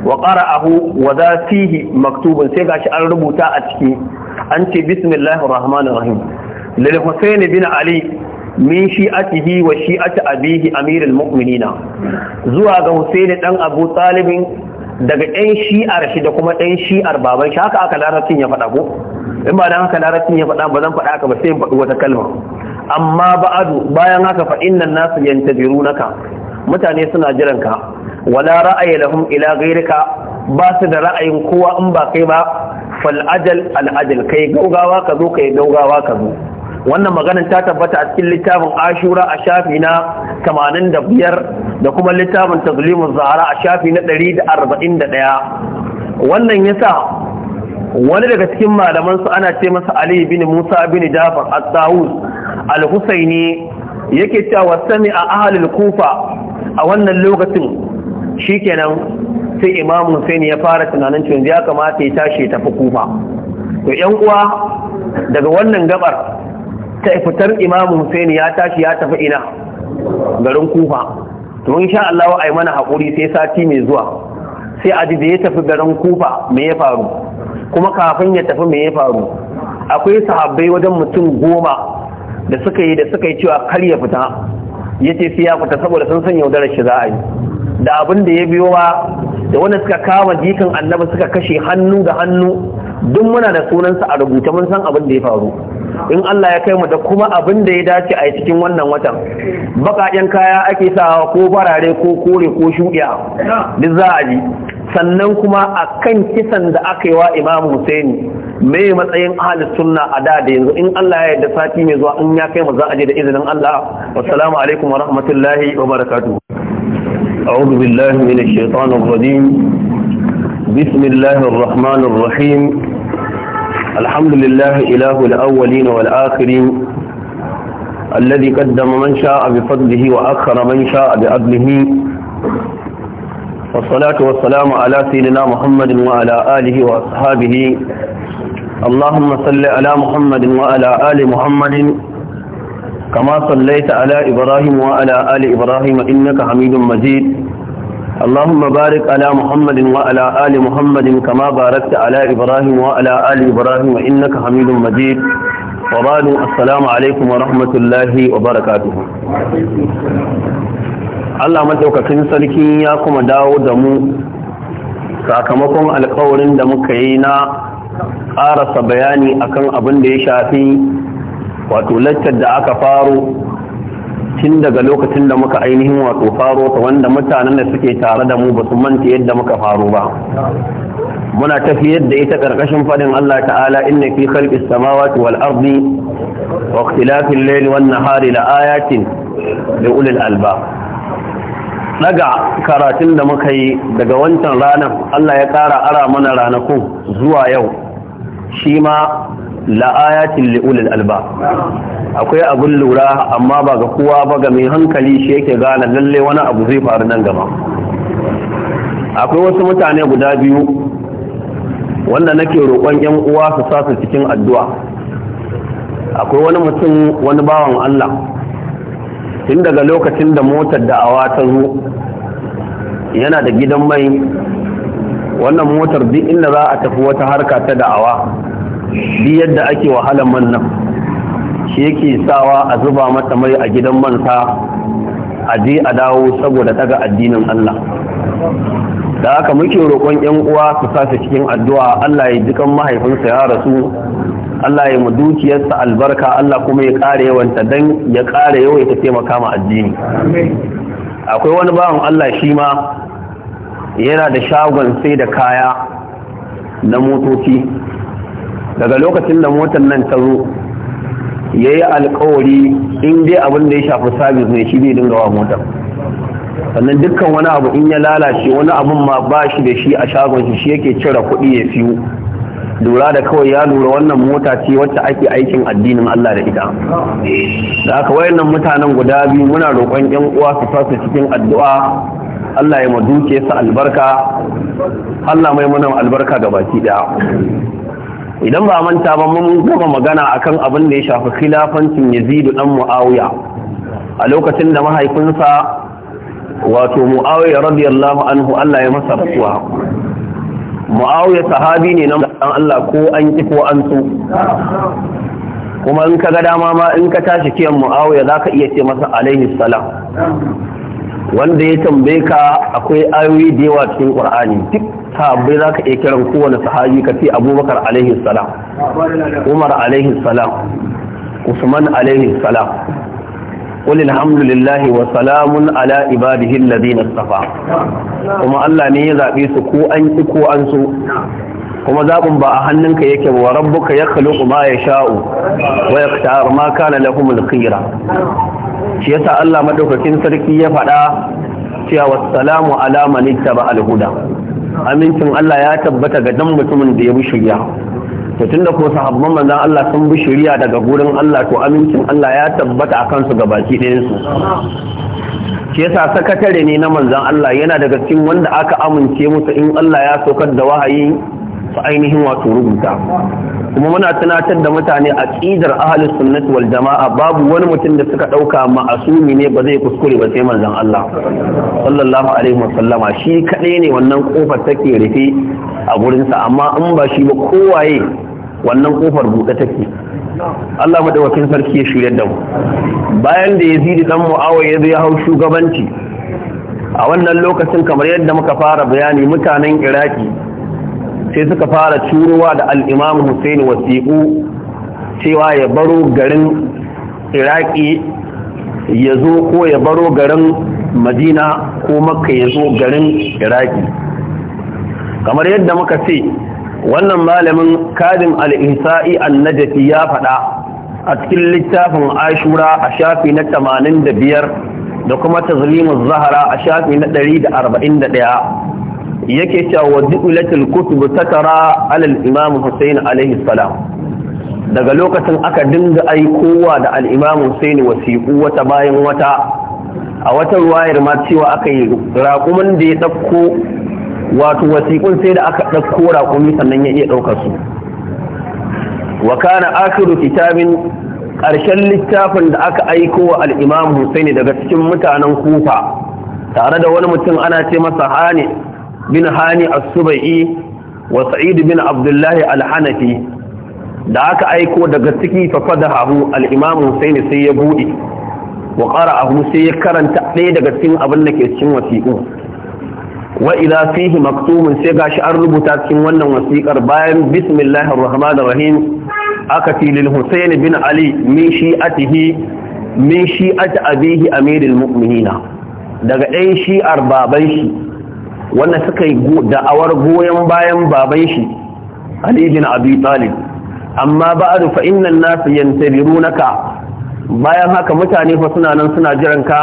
wa qara'ahu wa za fihi maktubun sai gashi an rubuta a ciki an ce bismillahir rahmanir rahim lil husaini bin ali min shi'atihi wa shi'ati abihi amirul mu'minina zuwa ga Husaini dan Abu Talib daga ɗan shi'ar shi da kuma ɗan shi'ar baban shi haka aka larabcin ya faɗa ko in ba dan haka larabcin ya faɗa ba zan faɗa haka ba sai faɗi wata kalma amma ba'adu bayan haka fa innan nasu naka, mutane suna jiran ka wala ra'ayi lahum ila ghayrika ba su da ra'ayin kowa in ba kai ba fal ajal al ajal kai gaugawa ka zo kai gaugawa ka zo wannan maganin ta tabbata a cikin littafin ashura a shafi na 85 da kuma littafin tazlimun zahara a shafi na 141 wannan yasa wani daga cikin malaman su ana ce masa Ali bin Musa bin Jafar at-Tawus al-Husaini yake cewa sami a ahlul Kufa a wannan lokacin shikenan sai Imam Hussein ya fara tunanin cewa ya kamata ya tashi tafi Kufa to 'yan uwa daga wannan gabar ta fitar imamu Hussein ya tashi ya tafi ina garin kufa to insha Allah ai mana hakuri sai sati mai zuwa sai aji da ya tafi garin kufa me ya faru kuma kafin ya tafi me ya faru akwai sahabbai wajen mutum goma da suka yi da suka yi cewa kar ya fita ya ce sai ya fita saboda sun san yaudarar shi za a yi da abin da ya biyo wa da wanda suka kama jikan annabi suka kashe hannu da hannu duk muna da sunansa a rubuta mun san abin da ya faru in Allah ya kai mu da kuma abin da ya dace a cikin wannan watan baƙaƙen kaya ake sawa ko barare ko kore ko shuɗiya duk za a ji sannan kuma a kan kisan da aka yi wa imam husaini mai matsayin ahli sunna a da da yanzu in Allah ya yarda sati mai zuwa in ya kai mu za a je da izinin Allah assalamu alaikum wa rahmatullahi wa barakatuh أعوذ بالله من الشيطان الرجيم بسم الله الرحمن الرحيم الحمد لله إله الأولين والآخرين الذي قدم من شاء بفضله وأخر من شاء بأدله والصلاة والسلام على سيدنا محمد وعلى آله وأصحابه اللهم صل على محمد وعلى آل محمد كما صليت على إبراهيم وعلى آل إبراهيم إنك حميد مجيد اللهم بارك على محمد وعلى آل محمد كما باركت على إبراهيم وعلى آل إبراهيم إنك حميد مجيد وبعد السلام عليكم ورحمة الله وبركاته Allah madaukakin sarki ya kuma dawo da mu sakamakon alkawarin da muka yi na ƙarasa bayani akan abin da ya shafi wato laccar da aka faro tun daga lokacin da muka ainihin wato faro ta wanda mutanen da suke tare da mu ba su manta yadda muka faro ba muna tafiyar da ita karkashin fadin Allah ta'ala inna fi khalqis samawati wal ardi wa ikhtilafil layli wan nahari la ayatin li ulil albab daga karatun da muka yi daga wancan ranar Allah ya ƙara ara mana ranakun zuwa yau shi ma la'ayatin li'ulil alba akwai abin lura amma ba ga kowa ba ga mai hankali shi yake gane lalle wani abu zai faru nan gaba akwai wasu mutane guda biyu wanda nake roƙon yan uwa su sa su cikin addu'a akwai wani mutum wani bawan Allah tun daga lokacin da motar da'awa ta zo yana da gidan mai wannan motar duk inda za a tafi wata harka ta da'awa bi yadda ake wahalar man nan shi yake sawa a zuba mata mai a gidan mansa a je a dawo saboda daga addinin Allah da haka muke roƙon yan uwa su sace cikin addu'a Allah ya ji kan mahaifinsa ya rasu Allah ya mu dukiyarsa albarka Allah kuma ya ƙara yawanta dan ya ƙara yawaita taimaka ma addini akwai wani bawan Allah shi ma yana da shagon sai da kaya na motoci daga lokacin da motar nan ta zo ya yi alkawari in dai abin da ya shafi sabis ne shi ne dinga motar sannan dukkan wani abu in ya lalace wani abun ma ba shi da shi a shagon shi yake cire kuɗi ya siyo lura da kawai ya lura wannan mota ce wacce ake aikin addinin Allah da ita da aka wayannan mutanen guda biyu muna roƙon ƴan uwa su fasa cikin addu'a Allah ya maduke su albarka Allah mai muna albarka ga baki daya idan ba manta ba mun gama magana akan abin da ya shafi khilafancin yazidu dan muawiya a lokacin da mahaifinsa wato muawiya radiyallahu anhu Allah ya masa rasuwa muawiya sahabi ne na Allah ko an ki ko an so kuma in ka ga dama ma in ka tashi kiyan muawiya ka iya ce masa alaihi salam wanda ya tambaye ka akwai ayoyi da yawa cikin qur'ani duk Ta sahabbai za ka iya kiran kowane sahabi ka ce abubakar alaihi salam umar alaihi salam usman alaihi salam قل الحمد لله وسلام على عباده الذين اصطفى kuma Allah ne ya zabe su ko an ki ko an so kuma zaɓin ba a hannunka yake wa rabbuka ya khaliqu ma yasha'u wa yaktar ma kana lahum al-khira shi yasa Allah madaukakin sarki ya faɗa cewa wassalamu ala man ittaba al-huda amincin Allah ya tabbata ga dan mutumin da ya bi shirya to tunda ko sahabban manzon Allah sun bi shirya daga gurin Allah to amincin Allah ya tabbata a kansu ga ɗayan su shi yasa sakatare ne na manzon Allah yana daga cikin wanda aka amince musu in Allah ya saukar da wahayi su ainihin wato rubuta kuma muna tunatar da mutane a ƙidar ahalus sunnat wal jama'a babu wani mutum da suka ɗauka ma'asumi ne ba zai kuskure ba sai manzon Allah sallallahu alaihi wasallama shi kaɗai ne wannan kofar take rufe a sa amma in ba shi ba kowaye wannan kofar buɗe take Allah kin sarki ya shirya da mu bayan da Yazid dan Muawiya ya zo ya hau shugabanci a wannan lokacin kamar yadda muka fara bayani mutanen Iraki sai suka fara curowa da al'imam Hussaini wasiƙu cewa ya baro garin iraki ya zo ko ya baro garin madina ko maka ya zo garin iraki kamar yadda muka ce wannan malamin kadin al'isa'i Najafi ya faɗa a cikin littafin ashura a shafi na 85 da kuma tazlimin zahara a shafi na 141 yake cewa waddulatul kutubu takara al imam Hussein alayhi salam daga lokacin aka dinga aikowa da al-imam Hussein wasiqu wata bayan wata a wata ruwayar ma cewa aka yi raƙumin da ya ɗauko wato wasiƙun sai da aka ɗauko raqumi sannan ya iya ɗaukar su wa kana akhiru kitabin ƙarshen littafin da aka aiko wa al-imam Hussein daga cikin mutanen Kufa tare da wani mutum ana ce masa Hani bin hani as wa sa'id bin abdullahi al-hanafi da aka aiko daga ciki fa fadahu al-imam Hussein sai ya buɗe wa qara'ahu sai ya karanta ɗaya daga cikin abin da ke cikin wasiqu wa idza fihi maktumun sai gashi an rubuta cikin wannan wasiƙar bayan bismillahir rahmanir rahim aka tilil Hussein bin Ali min shi'atihi min shi'at abihi amirul mu'minina daga 'yan shi'ar baban shi wanda suka yi da'awar goyon bayan baban shi Ali bin Abi Talib amma ba'du fa innan nas yantabirunaka bayan haka mutane fa suna nan suna jiran ka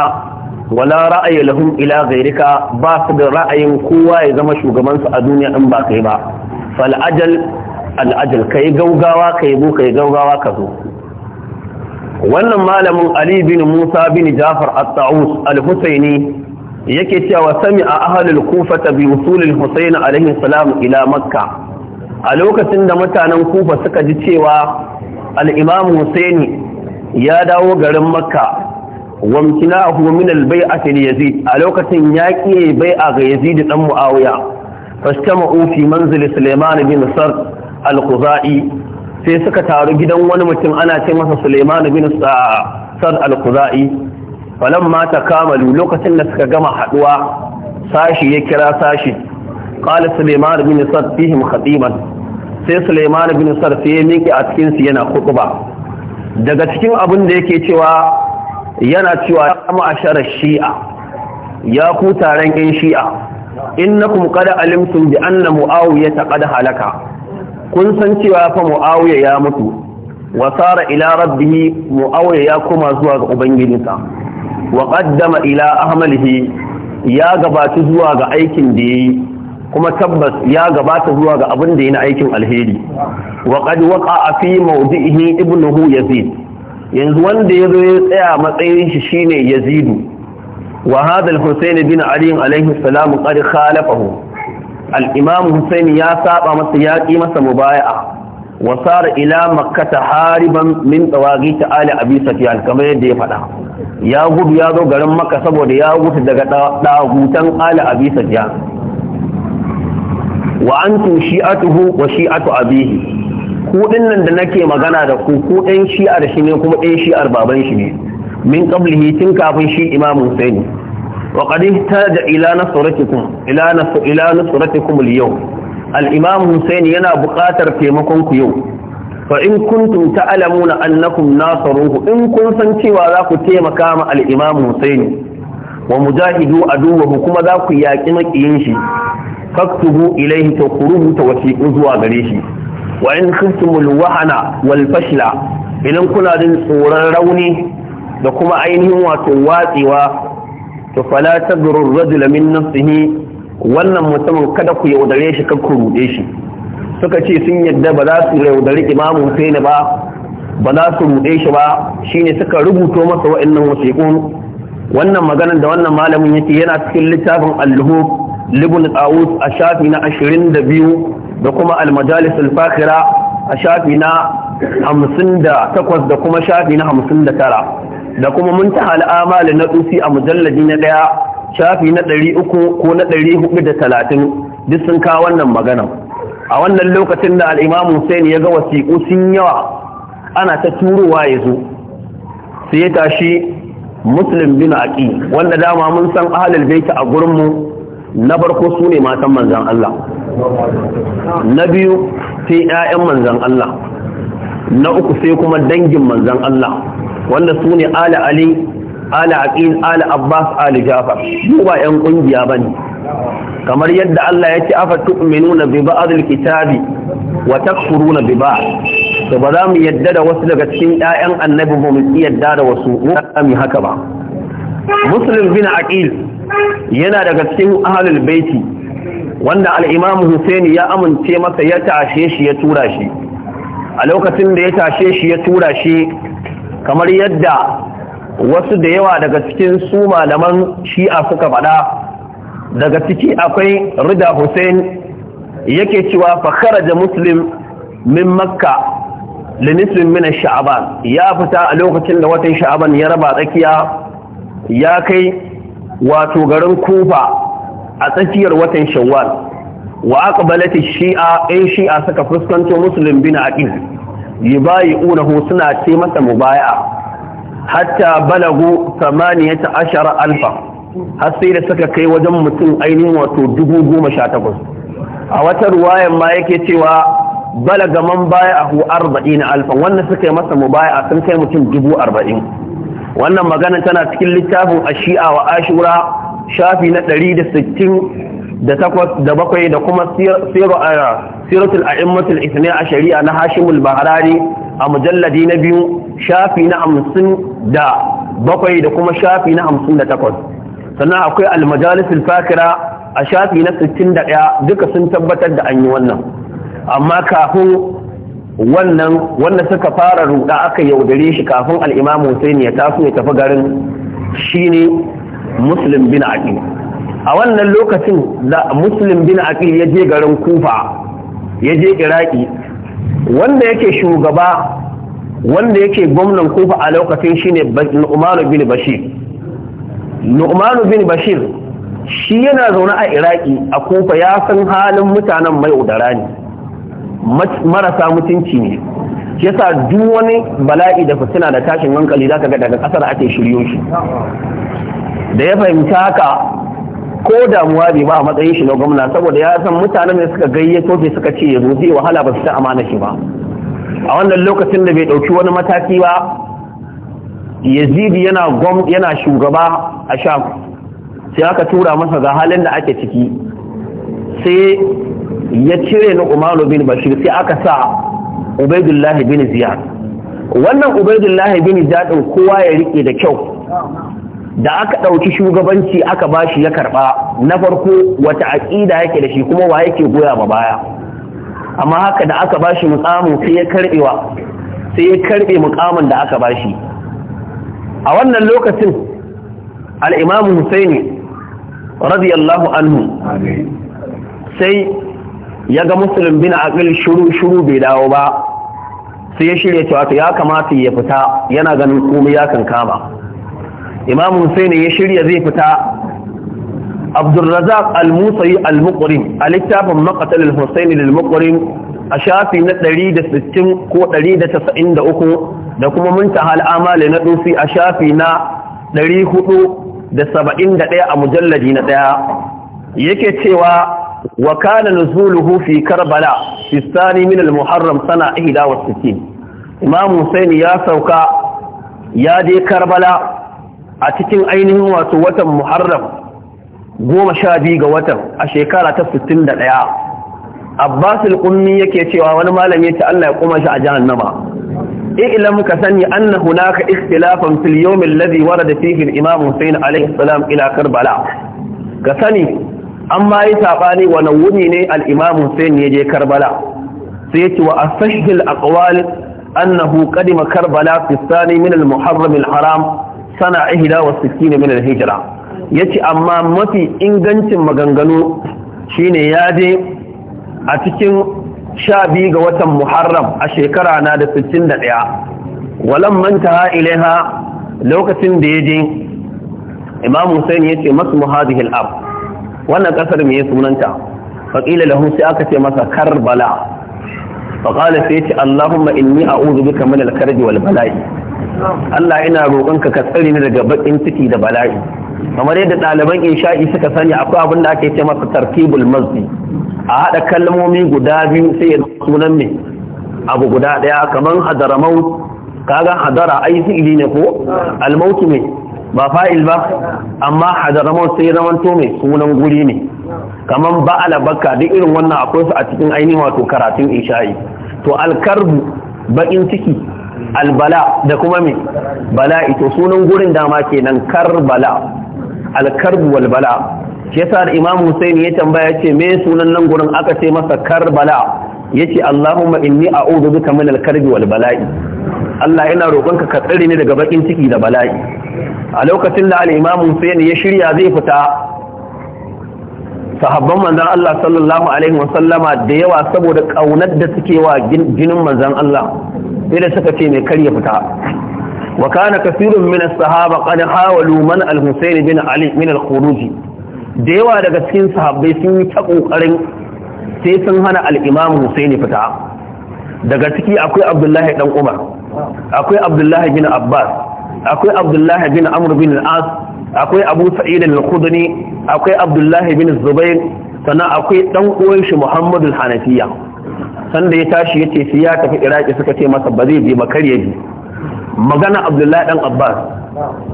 wala ra'ayi lahum ila ghayrika ba su da ra'ayin kowa ya zama shugaban su a duniya in ba kai ba fal ajal al ajal kai gaugawa kai bu kai gaugawa ka zo wannan malamin Ali bin Musa bin Jafar at-Ta'us al-Husaini yake cewa sami a ahalul kufa ta bi usulul husayn alaihi salam ila makka a lokacin da mutanen kufa suka ji cewa al-imam husaini ya dawo garin makka Wamkina min al-bai'ati li yazid a lokacin yaki bai'a ga yazid dan muawiya fastama'u fi manzil sulaiman bin sar al-khuzai sai suka taru gidan wani mutum ana ce masa sulaiman bin ah, sar al-khuzai falan mata kamalu lokacin da suka gama haduwa sashi ya kira sashi qala Suleiman bin sad fihim khatiban sai sulaiman bin sad sai ya miƙe a cikin su yana khutba daga cikin abin da yake cewa yana cewa amma ashara shi'a ya ku taron yan shi'a innakum qad alimtum bi anna muawiya qad halaka kun san cewa fa muawiya ya mutu wa sara ila rabbih muawiya ya koma zuwa ga ubangijinsa wa qaddama ila ahmalihi ya gabata zuwa ga aikin da yayi kuma tabbas ya gabata zuwa ga abin da yi na aikin alheri wa qad waqa'a fi mawdihi ibnuhu yazid yanzu wanda ya zo ya tsaya matsayin shi shine yazidu wa hadha al-husayn bin ali alayhi salam qad khalafahu al-imam husayn ya saba masa ya masa mubaya'a wasara ila makkata hariban min tsawagi ta ali abi safiyan kamar yadda ya faɗa ya gudu ya zo garin makka saboda ya gudu daga ɗagutan ali abi safiyan wa antum shi'atuhu wa shi'atu abihi ku nan da nake magana da ku ku ɗan shi'ar shi ne kuma ɗan shi'ar baban shi ne min qablihi tun kafin shi imamu husaini wa qad ihtaja ila nasratikum ila nasratikum al-yawm al-imam Hussein yana buƙatar taimakon ku yau fa in kuntum ta'lamuna annakum nasaruhu in kun san cewa za ku taimaka ma al-imam Hussein wa mujahidu aduwahu kuma za ku yaƙi makiyin shi faktubu ilaihi ku rubuta wasiƙu zuwa gare shi wa in khiftumul wahana wal fashla idan kuna jin tsoron rauni da kuma ainihin wato watsewa to fala tadrur rajula min nafsihi wannan mutumin kada ku yaudare shi kan ku ruɗe shi suka ce sun yadda ba za su yaudari imamu sai ba ba za su ruɗe shi ba shine suka rubuto masa wa'annan wasiƙun wannan maganar da wannan malamin yake yana cikin littafin alluhu libun tsawus a shafi na ashirin da biyu da kuma almajalis alfakira a shafi na hamsin da takwas da kuma shafi na hamsin da tara da kuma muntaha al'amali na tsusi a mujalladi na ɗaya shafi na ɗari uku ko na ɗari hudu da talatin duk sun kawo wannan magana a wannan lokacin da al'imamu sai ya ga wasiƙu sun yawa ana ta turowa ya zo sai ya tashi muslim bin wanda dama mun san ahlul baiti a gurinmu na farko su ne matan manzan Allah na biyu sai ƴaƴan manzan Allah na uku sai kuma dangin manzan Allah wanda su ne ali ali ala aqil ala abbas ala jafar mu ba yan kungiya bane kamar yadda Allah ya ce afa tu'minuna bi ba'd al-kitabi wa takfuruna bi ba'd to ba za mu yadda da wasu daga cikin ƴaƴan annabi ba mu yadda da wasu mu kami haka ba muslim bin aqil yana daga cikin ahlul baiti wanda al-imam husaini ya amince masa ya tashe shi ya tura shi a lokacin da ya tashe shi ya tura shi kamar yadda wasu da yawa daga cikin su malaman shi'a suka faɗa daga ciki akwai rida hussein yake cewa fakara da muslim min makka da nisbin sha'aban ya fita a lokacin da watan sha'aban ya raba tsakiya ya kai wato garin kufa a tsakiyar watan shawwal wa balata shi'a in shi'a suka fuskanto muslim bin aqil unahu suna ce masa mubaya hatta balagu samaniyata ashara alfa har sai da suka kai wajen mutum ainihin wato dubu goma sha takwas a wata ruwayan ma yake cewa balagaman baya a hu arba'in alfan wannan suka yi masa mubaya'a sun kai mutum dubu arba'in wannan magana tana cikin littafin ashi'a wa ashura shafi na ɗari da sittin da takwas da bakwai da kuma siratul a'immatul isniya a shari'a na hashimul baharari a mujalladi na biyu shafi na hamsin da bakwai da kuma shafi na hamsin da takwas sannan akwai almajalisul fakira a shafi na sittin da ɗaya duka sun tabbatar da an yi wannan amma kafin wannan wanda suka fara ruɗa aka yaudare shi kafin al'imam Hussein ya taso ya tafi garin shine muslim bin aqil a wannan lokacin da muslim bin aqil ya je garin kufa ya je iraki wanda yake shugaba wanda yake gwamnan kofa a lokacin shine Nu'umaru bin Bashir Nu'umaru bin Bashir shi yana zaune a Iraki a kofa ya san halin mutanen mai udara ne marasa mutunci ne yasa duk wani bala'i da fitina da tashin hankali zaka ga daga kasar ake shiryo shi da ya fahimta haka ko damuwa bai ba a matsayin shi na gwamna saboda ya san mutanen da suka gayyato shi suka ce ya zo zai wahala ba su ta amana shi ba a wannan lokacin da bai ɗauki wani mataki ba yazidi yana gwam yana shugaba a sham sai aka tura masa ga halin da ake ciki sai ya cire na umaru bin bashir sai aka sa ubaidullahi bin ziyar. wannan ubaidullahi bin ziyad kowa ya rike da kyau da aka ɗauki shugabanci aka bashi ya karɓa na farko wata aƙida yake da shi kuma wa yake goya ba baya amma haka da aka bashi mukamin sai ya karbewa sai ya karbe mukamin da aka bashi a wannan lokacin al-Imam Husaini radiyallahu anhu sai ya ga Muslim bin Aqil shuru shuru bai dawo ba sai ya shirya cewa ya kamata ya fita yana ganin komai ya kankama Imam Husaini ya shirya zai fita abdurrazak al-musayi a littafin maqatal al-husaini lil-muqrim a shafi na 160 ko 193 da kuma muntahal amali na dusi a shafi na 471 a mujalladi na ɗaya, yake cewa wa kana nuzuluhu fi karbala fi al-muharram sana 61 imam husaini ya sauka ya je karbala a cikin ainihin wato watan muharram goma sha biyu ga watan a shekara ta 61 abbasul kummi yake cewa wani malami ta Allah ya kuma shi a jahannama ilam ka sani anna hunaka ikhtilafan fil yawm alladhi warada fihi al-imam Hussein alayhi salam ila Karbala ka sani amma yi sabani wani wuni ne al-imam Hussein ya je Karbala sai ya ce wa asahhil aqwal annahu qadima Karbala fi thani min al-Muharram al-Haram sana 61 min al-Hijra ya ce amma mafi ingancin maganganu shine ya je a cikin sha biyu ga watan muharram a shekara na da ɗaya. walan manta ha lokacin da ya je imam hussein ya ce masu muhadihil ab wannan kasar mai sunanta faƙila da sai aka ce masa karbala faƙala sai ce allahumma inni uzu bika min da karbi wal bala'i Allah ina roƙonka ka tsari ni daga baƙin ciki da bala'i kamar yadda ɗaliban insha'i suka sani akwai abin da ake ce masa tartibul masjid a haɗa kalmomi guda biyu sai ya sunan mai abu guda ɗaya kamar hadara maut kaga hadara ai fi'ili ne ko almautu ne ba fa'il ba amma hadara maut sai zaman to mai sunan guri ne kamar ba'ala bakka duk irin wannan akwai su a cikin ainihin wato karatun insha'i to alkarbu bakin ciki albala da kuma mai bala'i to sunan gurin dama kenan karbala alkarbu walbala. shi yasa imam Hussein ya tambaya ce me sunan nan gurin aka ce masa karbala yace Allahumma inni a'udhu bika min al-karbi wal bala'i Allah yana roƙonka ka tsare ni daga bakin ciki da bala'i a lokacin da al-Imam Hussein ya shirya zai fita sahabban manzon Allah sallallahu alaihi sallama da yawa saboda kaunar da suke wa jinin manzon Allah sai da suka ce mai kar ya fita wa kana kasirun min as-sahaba qad hawalu man al-husayn bin al da yawa daga cikin sahabbai sun yi ta kokarin sai sun hana al-imam husaini fita daga ciki akwai abdullahi dan umar akwai abdullahi bin abbas akwai abdullahi bin amr bin al-as akwai abu sa'id al-khudri akwai abdullahi bin zubair sannan akwai dan uwan shi muhammad al-hanafiya sanda ya tashi yace sai ya tafi iraki suka ce masa ba zai je ba ya magana abdullahi dan abbas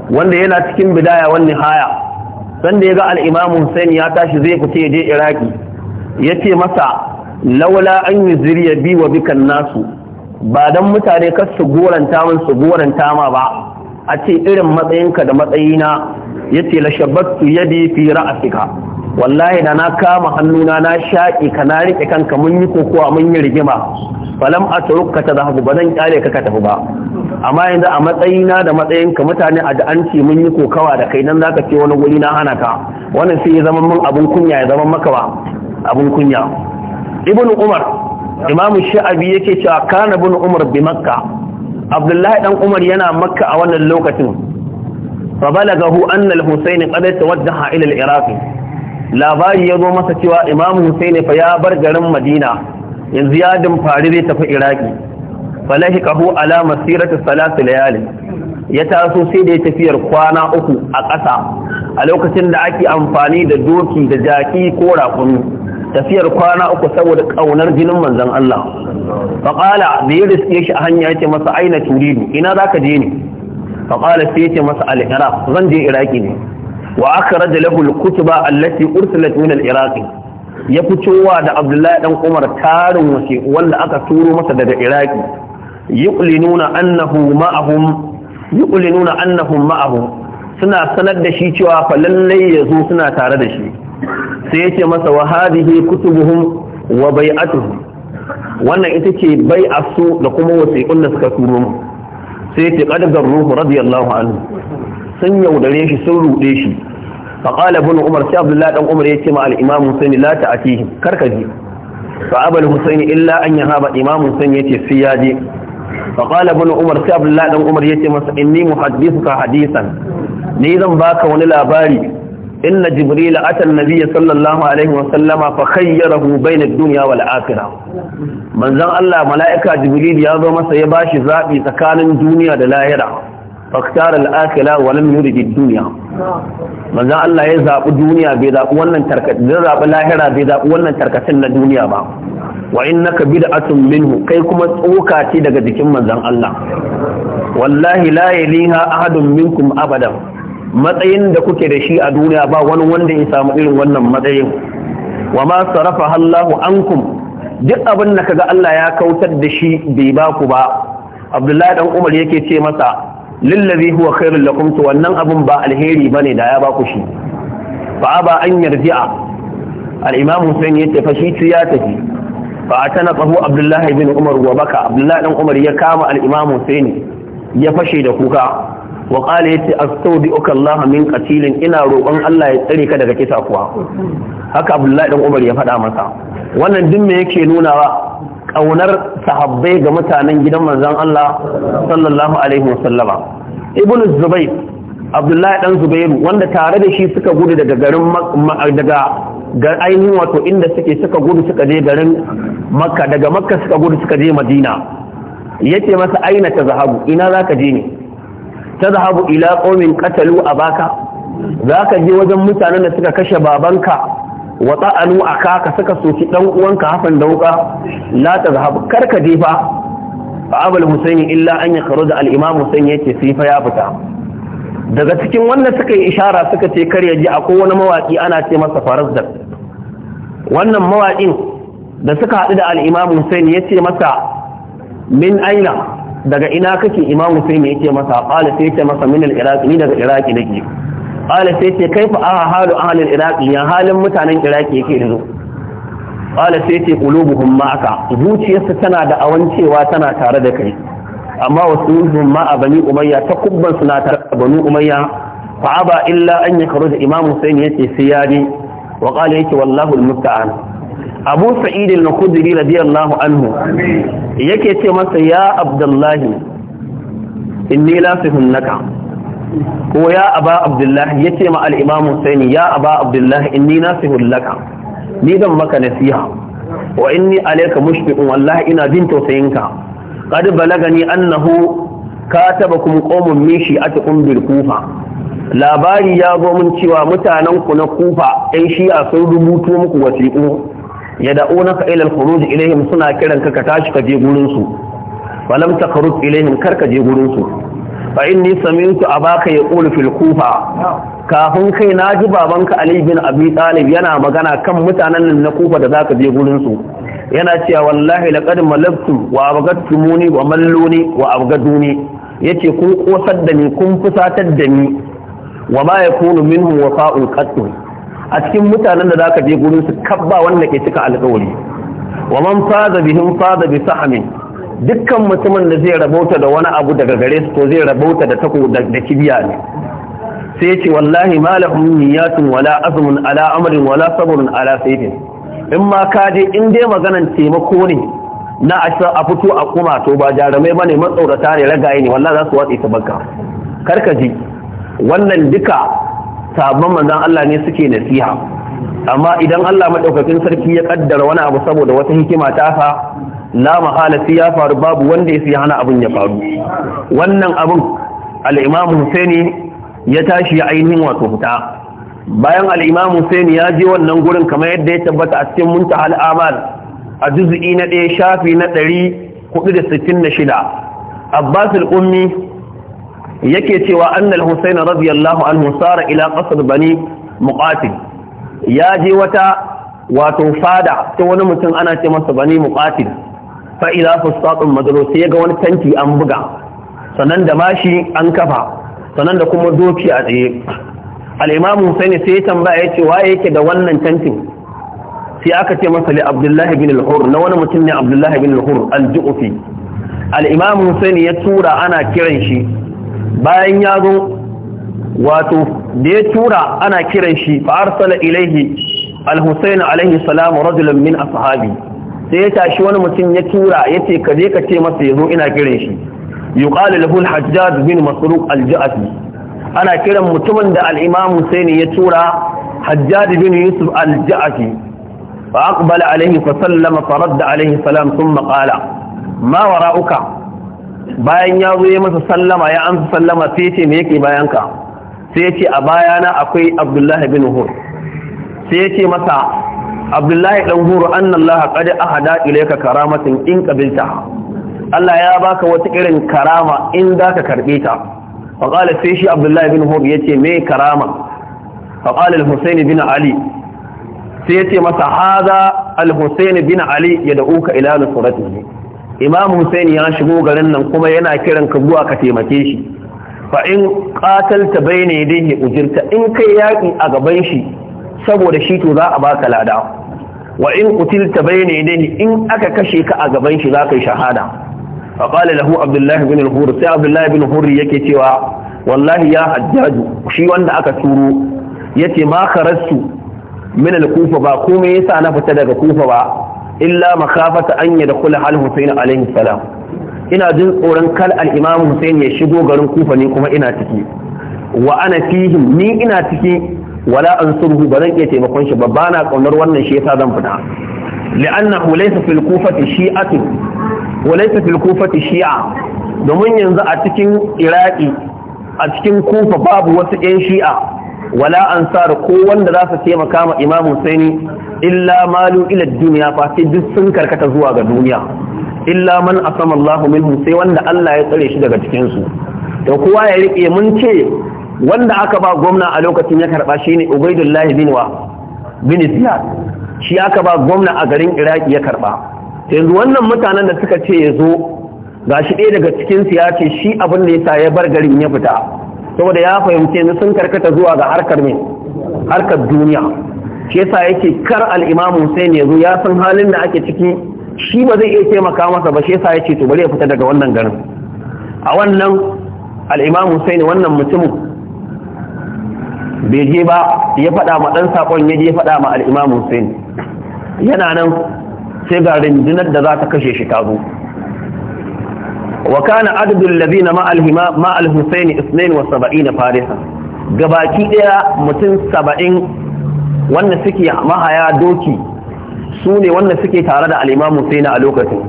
wanda yana cikin bidaya wani haya sanda ya ga al'imamun Sani ya tashi zai fita ya je iraki ya ce masa laula an yi ziriya bi wa bikan nasu ba don mutane kar su goranta min su goranta ma ba a ce irin matsayinka da matsayina ya ce la shabbatu yadi fi ra'asika wallahi da na kama hannuna na shaƙi ka na riƙe kanka mun yi kokowa mun yi rigima falam a turukka ta zahabu ba zan kyale ka ka tafi ba amma yanzu a matsayina da matsayinka mutane a da ce mun yi kokawa da kai nan zaka ce wani guri na hana ka wannan sai ya zama mun abun kunya ya zama maka ba abun kunya ibnu umar imamu sha'abi yake cewa kana ibnu umar bi makka abdullahi dan umar yana makka a wannan lokacin fa balagahu anna al-husayn qad ha'ilal ila al-iraqi labari ya zo masa cewa imamu Hussein fa ya bar garin madina yanzu ya dimfari zai tafi iraki falahikahu ala masiratu salatu layali ya taso sai da ya tafiyar kwana uku a ƙasa a lokacin da ake amfani da doki da jaki ko rakumi tafiyar kwana uku saboda ƙaunar jinin manzon Allah faqala da ya riske shi a hanya yace masa aina turidu ina zaka je ne faqala sai yace masa al-iraq zan je iraki ne wa aka lahu lahul kutuba allati ursilat min al-iraq ya fitowa da abdullahi dan umar tarin wasi wanda aka turo masa daga iraki yuqlinuna annahu ma'ahum yuqlinuna annahum ma'ahum suna sanar da shi cewa fa ya yazo suna tare da shi sai yace masa wa hadhihi kutubuhum wa bai'atuhum wannan ita ce bai asu da kuma wasiƙun da suka turo mu sai yace qad garruhu radiyallahu anhu sun yaudare shi sun ruɗe shi faƙala bin umar sai abdullahi ɗan umar ya ce ma al'imam husaini la ta atihim karka je fa abal husaini illa an yi haɓa imam husaini ya ce sai ya je faƙala bin umar sai abdullahi ɗan umar ya ce masa ni inni ka hadisan ni zan baka wani labari inna jibril ata annabi sallallahu alaihi wa sallama fa khayyarahu bain ad-dunya wal akhirah manzon Allah mala'ika jibril ya zo masa ya bashi zabi tsakanin duniya da lahira faktar al'akila walam yuri bi duniya manzan Allah ya zaɓi duniya bai zaɓi wannan tarkacin zai zaɓi lahira bai zaɓi wannan tarkacin na duniya ba wa innaka bid'atun minhu kai kuma tsoka ce daga jikin manzan Allah wallahi la yaliha ahadun minkum abadan matsayin da kuke da shi a duniya ba wani wanda ya samu irin wannan matsayin wa ma sarafa Allahu ankum duk abin da kaga Allah ya kautar da shi bai ba ku ba Abdullahi dan Umar yake ce masa lillazi huwa khairul lakum to wannan abun ba alheri bane da ya ba ku shi fa ba an yarji'a al-imam Hussein yace fa shi ya tafi fa atana qahu Abdullahi bin Umar wa baka Abdullahi dan Umar ya kama al-imam Hussein ya fashe da kuka wa qala yace astaudi'uka Allah min qatilin ina roƙon Allah ya tsare ka daga kisa kuwa haka Abdullahi dan Umar ya faɗa masa wannan duk me yake nunawa ƙaunar sahabbai ga mutanen gidan manzon Allah sallallahu alaihi wasallama ibn zubair abdullahi dan zubairu wanda tare da shi suka gudu daga garin daga ainihin wato inda suke suka gudu suka je garin makka daga makka suka gudu suka je madina yace masa aina ta zahabu ina zaka je ne ta zahabu ila qaumin qatalu abaka zaka je wajen mutanen da suka kashe babanka wa ta'anu akaka suka soki dan uwanka hafan dauka la ta zahabu karka je fa fa abul husaini illa an ya kharuja al imam husaini yace sai fa ya fita daga cikin wannan suka yi ishara suka ce kar ya ji akwai wani mawaki ana ce masa farazdar wannan mawaƙin da suka haɗu da al-imam ya ce masa min aina daga ina kake imam husaini yace masa qala sai yace masa min al ni daga iraki nake qala sai yace kaifa aha halu ahli al ya halin mutanen iraki yake da zo qala sai ce qulubuhum ma'aka zuciyarsa tana da awancewa tana tare da kai amma wasu ma a bani umayya ta kubban suna tare da bani umayya fa aba illa an yakhruja imam husayn yace sai ya ne wa qala yace wallahu almusta'an abu sa'id al-khudri radiyallahu anhu yake ce masa ya abdullahi inni la naka ko ya aba abdullahi yace ma al-imam husayn ya aba abdullahi inni nasihun laka ni zan maka nasiha wa inni alayka mushfiqun wallahi ina jin tausayinka qad balagani annahu katabakum qawmun Mishi shi'atikum bil kufa labari ya zo mun cewa mutanen ku na kufa ɗan shi'a sun rubuto muku wasiƙu ya da'una ka ilal khuruj ilaihim suna kiran ka ka tashi ka je gurin su falam takhruj kar ka je gurin su fa inni sami'tu abaka yaqulu fil kufa kafin kai na ji babanka Ali bin Abi Talib yana magana kan mutanen nan na kufa da zaka je gurin su yana cewa wallahi laqad malaktu wa abgadtumuni wa malluni wa abgaduni yace kun kosar da ni kun fusatar da ni wa ma yakunu minhum wafa'ul qattu a cikin mutanen da zaka je gurin su kabba wanda ke cika alƙawari wa man faza bihim faza bi sahmin dukkan mutumin da zai rabauta da wani abu daga gare su to zai rabauta da tako da kibiya ne sai ya ce wallahi malahum niyatun wala azumin ala amarin wala sabrun ala sayyidin in ma ka je in dai maganan taimako ne na a a fito a kuma to ba jarumai bane matsaurata ne ragaye ne wallahi za su watsa baka karka ji wannan duka sabon manzan Allah ne suke nasiha amma idan Allah madaukakin sarki ya kaddara wani abu saboda wata hikima ta sa la mahala ya faru babu wanda ya hana abin ya faru wannan abin al-imam Husaini ya tashi ya ainihin wato fita bayan al'imam Hussein ya je wannan gurin kamar yadda ya tabbata a cikin munta al'amal a juzu'i na ɗaya shafi na ɗari kuɗi da sittin da shida abbas al'ummi yake cewa annal Hussein radiyallahu anhu sara ila ƙasar bani muƙatil ya je wata wato fada ta wani mutum ana ce masa bani muƙatil fa'ila fustatun madaro ya ga wani tanki an buga sannan da mashi an kafa sannan da kuma doki a tsaye al'imamu husaini sai ya tambaya ya ce waye yake da wannan tantin sai aka ce masa li abdullahi bin al-hur na wani mutum ne abdullahi bin al-hur al-ju'fi al-imamu husaini ya tura ana kiran shi bayan ya zo wato da ya tura ana kiran shi fa arsala ilaihi al-husaini alaihi salam rajulan min ashabi sai ya tashi wani mutum ya tura yace ka je ka ce masa yazo ina kiran shi yuqalu lahu al-hajjaj bin masruq al-ja'fi ana kiran mutumin da al-imam ya tura hajjaj bin yusuf al-ja'fi fa aqbala alayhi fa sallama fa bayan ya zo ya masa sallama ya amsa sallama sai ce me yake bayanka sai ya ce a bayana akwai abdullahi bin hur sai masa abdullahi dan huru annallaha qad ahada ilayka karamatin in qabilta Allah ya baka wata irin karama in za ka karɓe ta faƙala sai shi abdullahi bin hur ya ce me karama faƙala al-husaini bin ali sai ya ce masa haza al-husaini bin ali ya da'uka surat nusratihi imam husaini ya shigo garin nan kuma yana kiran ka zuwa ka taimake shi fa in ne dai yadayhi ujirta in kai yaƙi a gaban shi saboda shi to za a baka lada wa in qutilta bayna yadayhi in aka kashe ka a gaban shi za ka yi shahada fa qala lahu abdullahi ibn al-hur sai abdullah al hur yake cewa wallahi ya hajjaju shi wanda aka turo yace ma kharastu min al-kufa ba komai yasa na fita daga kufa ba illa makafata an kula al-husayn alayhi salam ina jin tsoron kal al-imam husayn ya shigo garin kufa ne kuma ina ciki wa ana fihim ni ina ciki wala ansuruhu ba zan iya taimakon shi ba bana kaunar wannan shi yasa zan fita li'annahu laysa fil kufati shi'atun walaita fil kufati shi'a domin yanzu a cikin iraki a cikin kufa babu wasu yan shi'a wala ansar ko wanda za su taimaka ma imamu husaini illa malu ila duniya fa sai duk sun karkata zuwa ga duniya illa man asama Allah minhum sai wanda Allah ya tsare shi daga cikin su to kowa ya rike mun ce wanda aka ba gwamna a lokacin ya karba shine Ubaidullah bin wa bin Ziyad shi aka ba gwamna a garin Iraki ya karba yanzu wannan mutanen da suka ce ya zo ga shi ɗaya daga cikinsu ya ce shi abin da ya sa ya bar garin ya fita saboda ya fahimce ni sun karkata zuwa ga harkar ne, harkar duniya shi yasa yake kar al'imamu Hussein ya zo ya san halin da ake ciki shi ba zai iya taimaka masa ba shi yasa ya to bari ya fita daga wannan garin a wannan al sai Hussein wannan mutumin bai je ba ya faɗa ma ɗan saƙon ya je faɗa ma al'imamu Hussein yana nan sai ga rundunar da za ta kashe shi ta zo wa kana adadul ladina ma al-hima ma al-husayn 72 farisa gabaki daya mutum 70 wanda suke mahaya doki su ne wanda suke tare da al-imam Husayn a lokacin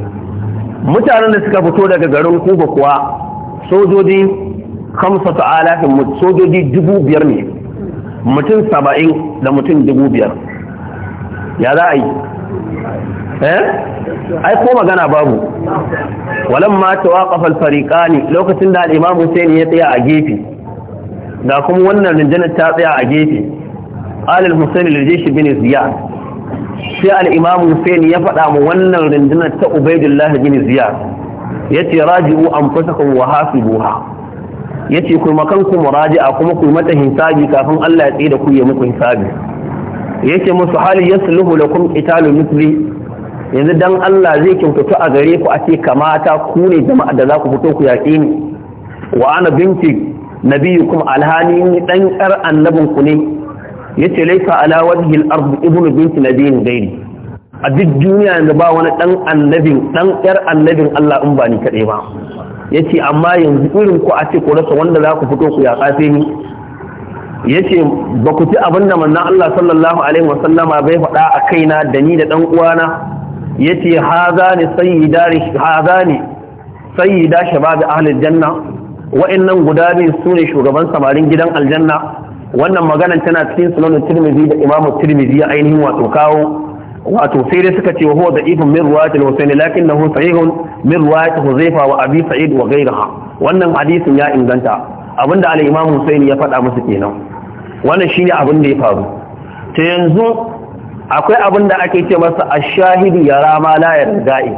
mutanen da suka fito daga garin Kuba kuwa sojoji 5000 sojoji 5000 ne mutum 70 da mutum 5000 ya za a yi eh ai ko magana babu Walan walamma tawaqafa al-fariqani lokacin da al imamu sai ya tsaya a gefe da kuma wannan rinjinar ta tsaya a gefe alal Hussein al-Jaysh bin Ziyad sai al imamu sai ya faɗa mu wannan rinjinar ta ubaydullah bin Ziyad yace raji'u anfusakum wa hasibuha yace ku makan ku muraji'a kuma ku mata hisabi kafin Allah ya tsaye da ku ya muku hisabi yace musu hali yasluhu lakum qitalu mithli yanzu dan Allah zai kyautatu a gare ku a ce kamata ku ne jama'a da za ku fito ku yaƙe ni wa ana binti nabiyu kuma alhali ni dan ƙar annabin ku ne yace laifa ala wajhil ard ibnu binti nabiyin gairi a duk duniya yanzu ba wani dan annabin dan ƙar annabin Allah in ba ni kaɗai ba yace amma yanzu irin ku a ce ku rasa wanda za ku fito ku yaƙa sai ni yace ba ku ci abin da manzon Allah sallallahu alaihi wasallama bai faɗa a kaina da ni da ɗan uwana yace hazani sayyidani hazani sayyida shabab ahlil janna wa'annan guda biyu sune shugaban samarin gidan aljanna wannan maganan tana cikin sunan tirmidhi da imam tirmidhi ya ainihin wato kawo wato sai dai suka ce wa huwa da'ifun min riwayatil husaini lakinnahu sahihun min riwayat huzaifa wa abi sa'id wa ghayriha wannan hadisin ya inganta abinda al-imam husaini ya faɗa musu kenan wannan shine abin da ya faru ta yanzu akwai abin da ake ce masa a shahidi ya rama layar da'i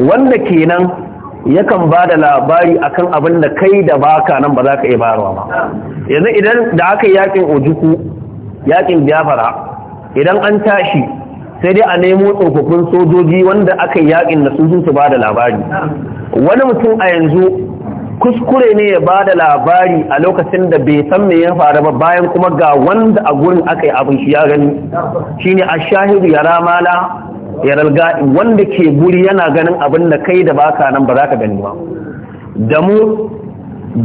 wanda kenan yakan ba da labari a kan abin da kai da baka nan ba za ka iya barawa ba yanzu idan da aka yi yakin ojuku yakin biyafara idan an tashi sai dai a nemo tsofaffin sojoji wanda aka yi yakin da su su ba da labari wani mutum a yanzu kuskure ne ya ba da labari a lokacin da bai san me ya faru ba bayan kuma ga wanda a gurin aka yi abin shi ya gani shine a shahiru ya ramala ya ralga wanda ke guri yana ganin abin da kai da baka nan ba za ka gani ba da mu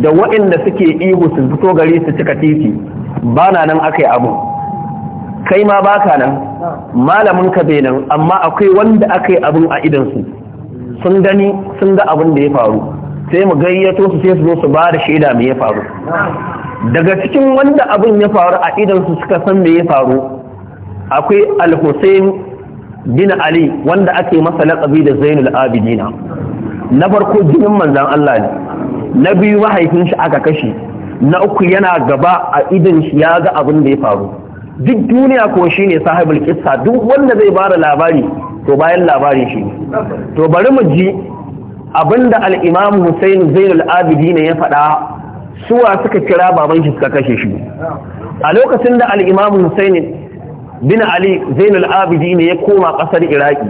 da waɗanda suke ihu su fito gari su cika titi ba na nan aka yi abin kai ma baka nan malamin ka bai nan amma akwai wanda aka yi abin a idansu sun gani sun ga abin da ya faru sai mu gayyato su sai su zo su bada shaida me ya faru daga cikin wanda abin ya faru a idan su suka san me ya faru akwai al-Husayn bin Ali wanda ake masa laqabi da Zainul Abidina na farko jinin manzon Allah ne na biyu mahaifin shi aka kashe na uku yana gaba a idan shi ya ga abin da ya faru duk duniya ko shine sahibul kissa duk wanda zai bada labari to bayan labarin shi to bari mu ji abinda al-imam Hussein Zainul ne ya faɗa suwa suka kira baban shi suka kashe shi a lokacin da Alimami imam Hussein bin Ali Zainul ne ya koma ƙasar Iraki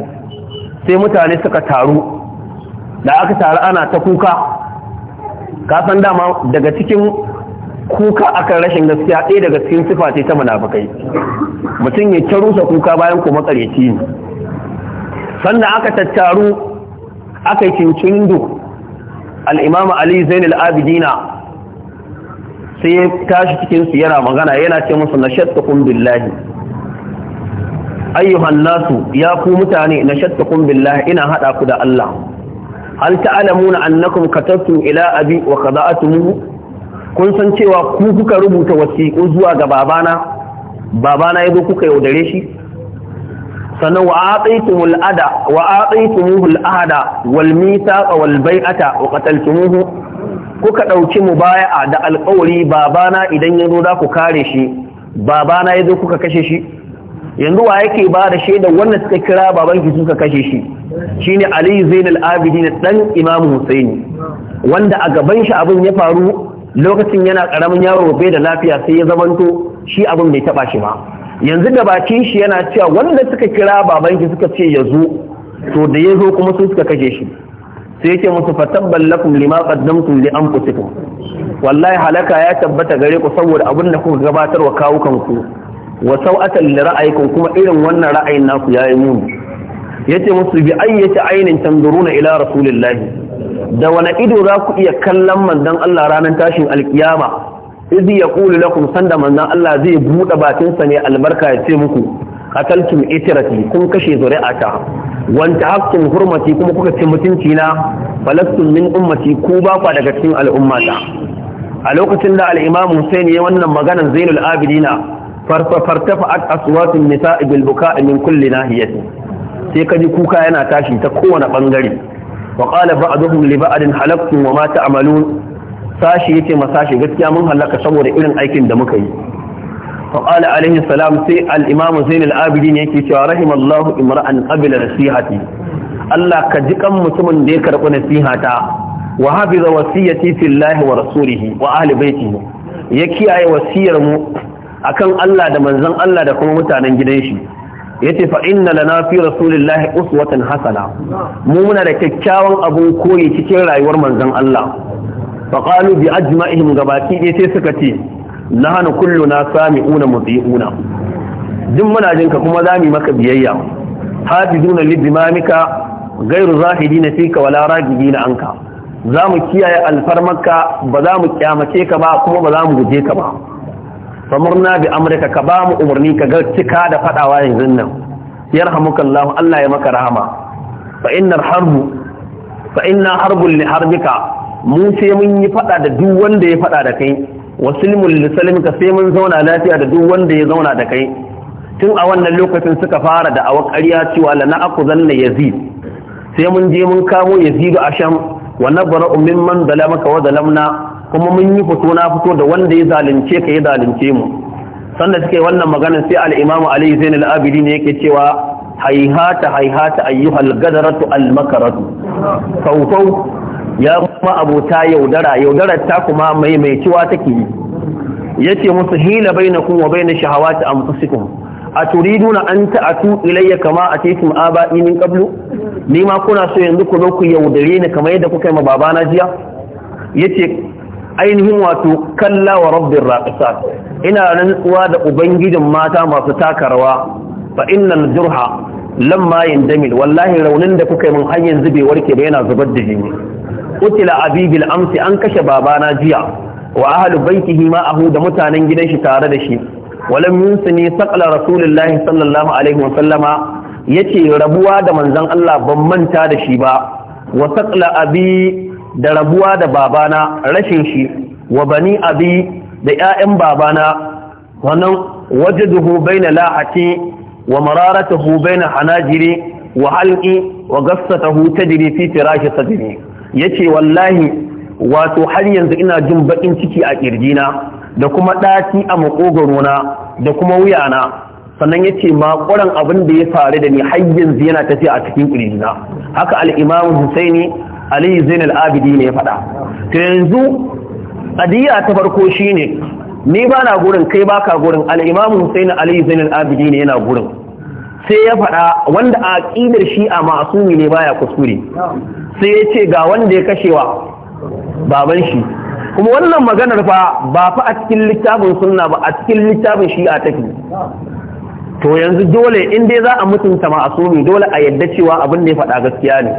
sai mutane suka taru da aka taru ana ta kuka san dama daga cikin kuka akan rashin gaskiya ɗaya daga cikin sifa ce ta munafukai mutum ya ta kuka bayan kuma ƙaryaci sannan aka tattaru aka cincin cincindu alimama ali zainul abidina sai ya tashi cikinsu yana magana yana ce musu na shattakun billahi ayyuhan nasu ya ku mutane na shattakun billahi ina haɗa ku da Allah hal na annakum katattum ila abi wa qada'atumu kun san cewa ku kuka rubuta wasiƙu zuwa ga babana babana zo kuka yaudare shi sannan wa ataitumul ada wa ataitumul ahada wal mithaqa wal bai'ata wa qataltumuhu kuka dauki mubaya'a da alƙawari babana idan yazo da ku kare shi babana yazo kuka kashe shi yanzu wa yake ba da shaidar wannan suka kira baban ki suka kashe shi shine Ali Zainal Abidin dan Imam Husaini wanda a gaban shi abin ya faru lokacin yana karamin yaro bai da lafiya sai ya zamanto shi abin bai taba shi ba yanzu da bakin shi yana cewa wanda suka kira babanki suka ce ya zo to da ya zo kuma sun suka kashe shi sai yake musu fatabban lakum lima qaddamtum li anfusikum wallahi halaka ya tabbata gare ku saboda abin da kuka gabatar wa kawukan ku wa sau'atan li ra'ayikum kuma irin wannan ra'ayin naku yayi muni yace musu bi ayyati ainin na ila rasulillahi da wani ido za ku iya kallon manzon Allah ranar tashin alkiyama izi ya kulu lakum sanda manzan Allah zai buɗe bakinsa ne albarka ya ce muku qataltum itrati kun kashe zuri'ata wanta haƙƙin hurmati kuma kuka ci mutunci na Falastin min ummati ku ba kwa daga cikin al'ummata a lokacin da al-Imam ya wannan maganar Zainul Abidina fartafa'at aswatun nisa'i bil buka'i min kulli nahiyatin sai kaji kuka yana tashi ta kowane bangare wa qala ba'dhum li ba'din halaqtum wa ma ta'malun sashi yace ma sashi gaskiya mun halaka saboda irin aikin da muka yi fa qala alaihi salam sai al-imam Zain al-Abidin yake cewa rahimallahu imra'an qabila nasihati Allah ka ji kan mutumin da ya karɓi nasihata wa hafiza wasiyati fillahi wa rasulihi wa ahli baitihi ya kiyaye wasiyar mu akan Allah da manzan Allah da kuma mutanen gidan shi yace fa inna lana fi rasulillahi uswatan hasana mu muna da kyakkyawan abun koyi cikin rayuwar manzon Allah faƙalu bi ajma'ihim gabaki ɗaya sai suka ce nahanu sami una muti'una duk muna jin ka kuma zamu maka biyayya hafizuna lidimamika ghairu zahidina fika wala na anka zamu kiyaye alfarmarka ba za mu kyamace ka ba kuma ba za mu guje ka ba famarna bi amrika ka ba mu umarni ka ga cika da fadawa yanzu nan yarhamukallahu Allah ya maka rahama fa innar harbu fa inna harbul li harbika mu sai mun yi fada da duk wanda ya fada da kai wasilmul ka sai mun zauna lafiya da duk wanda ya zauna da kai tun a wannan lokacin suka fara da awa ƙarya cewa la na zanna yazid sai mun je mun kamo yazidu a sham wa man mimman zalamaka wa zalamna kuma mun yi fito na fito da wanda ya zalunce ka ya zalunce mu sanda suke wannan magana sai al-imam ali zainul abidin yake cewa haihata haihata ayyuhal gadaratu al makaratu fawfaw ya kuma abota yaudara yaudarar ta kuma maimaituwa take yi yace musu hila bainakum wa bain shahawati anfusikum aturiduna an ta'atu ilayya kama atitum aba'i min qablu nima kuna so yanzu ku zo ku yaudare ni kamar yadda kuka yi ma babana jiya yace ainihin wato kalla wa rabbir raqisat ina rantsuwa da ubangijin mata masu taka rawa fa innal jurha lamma yandamil wallahi raunin da kuka yi mun har yanzu bai warke ba yana zubar da jini Kutila abibil amsi an kashe babana jiya wa ahlu baitihi ma ahu da mutanen gidan shi tare da shi walam yunsini saqala rasulullahi sallallahu alaihi wa sallama yace rabuwa da manzon Allah ban manta da shi ba wa saqla abi da rabuwa da babana rashin shi wa bani abi da ƴaƴan babana wannan wajaduhu baina la'ati wa mararatuhu baina hanajiri wa halqi wa gassatahu tajri fi firashi sadri yace wallahi wato har yanzu ina jin bakin ciki a na da kuma ɗaci a na da kuma wuya na. sannan ya ce makoran abin da ya faru da ni har yanzu yana tafiya a cikin na. haka al'imamu husaini aliyu zainal abidi ne ya faɗa ta yanzu adiya ta farko shine ni ba na gurin kai baka gurin al'imamu husaini aliyu zainal abidi ne yana gurin sai ya faɗa wanda a ƙidar a masumi ne baya kuskure sai ya ce ga wanda ya kashewa baban shi kuma wannan maganar fa ba fa a cikin littafin sunna ba a cikin littafin shi shi'a tafi? to yanzu dole in dai za a mutunta ma'asumi dole a yadda cewa abin da ya faɗa gaskiya ne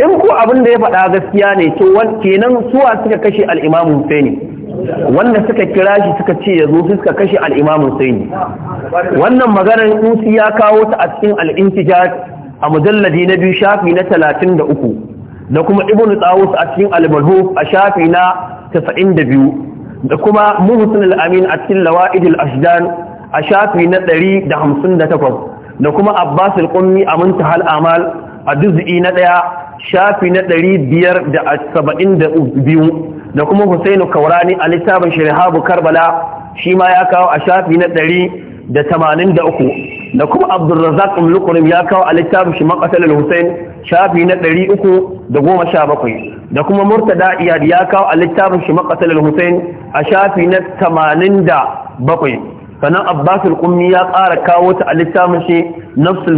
in ko abin da ya faɗa gaskiya ne to kenan suwa suka kashe al'imamun sai ne wanda suka kira shi suka ce ya zo suka kashe al'imamun sai wannan maganar usi ya kawo ta a cikin al'intijar a mujalladi na biyu shafi na talatin da uku da kuma ibn tsawus a cikin albalhuf a shafi na tasa'in da biyu da kuma muhsin al'amin a cikin lawa'id al'ashdan a shafi na ɗari da hamsin da takwas da kuma abbas al-qummi a muntahal amal a juz'i na ɗaya shafi na ɗari biyar da saba'in da biyu da kuma Husainu Kaurani a littafin Shirhabu Karbala shi ma ya kawo a shafi na ɗari da tamanin da uku da kuma Abdulrazak Umlukurim ya kawo a littafin shi Makasalar Hussein shafi na ɗari uku da goma sha bakwai da kuma Murtala Iyad ya kawo a littafin shi Makasalar husain a shafi na tamanin da bakwai sannan Abbasul Kummi ya ƙara kawo ta a littafin shi Nafsul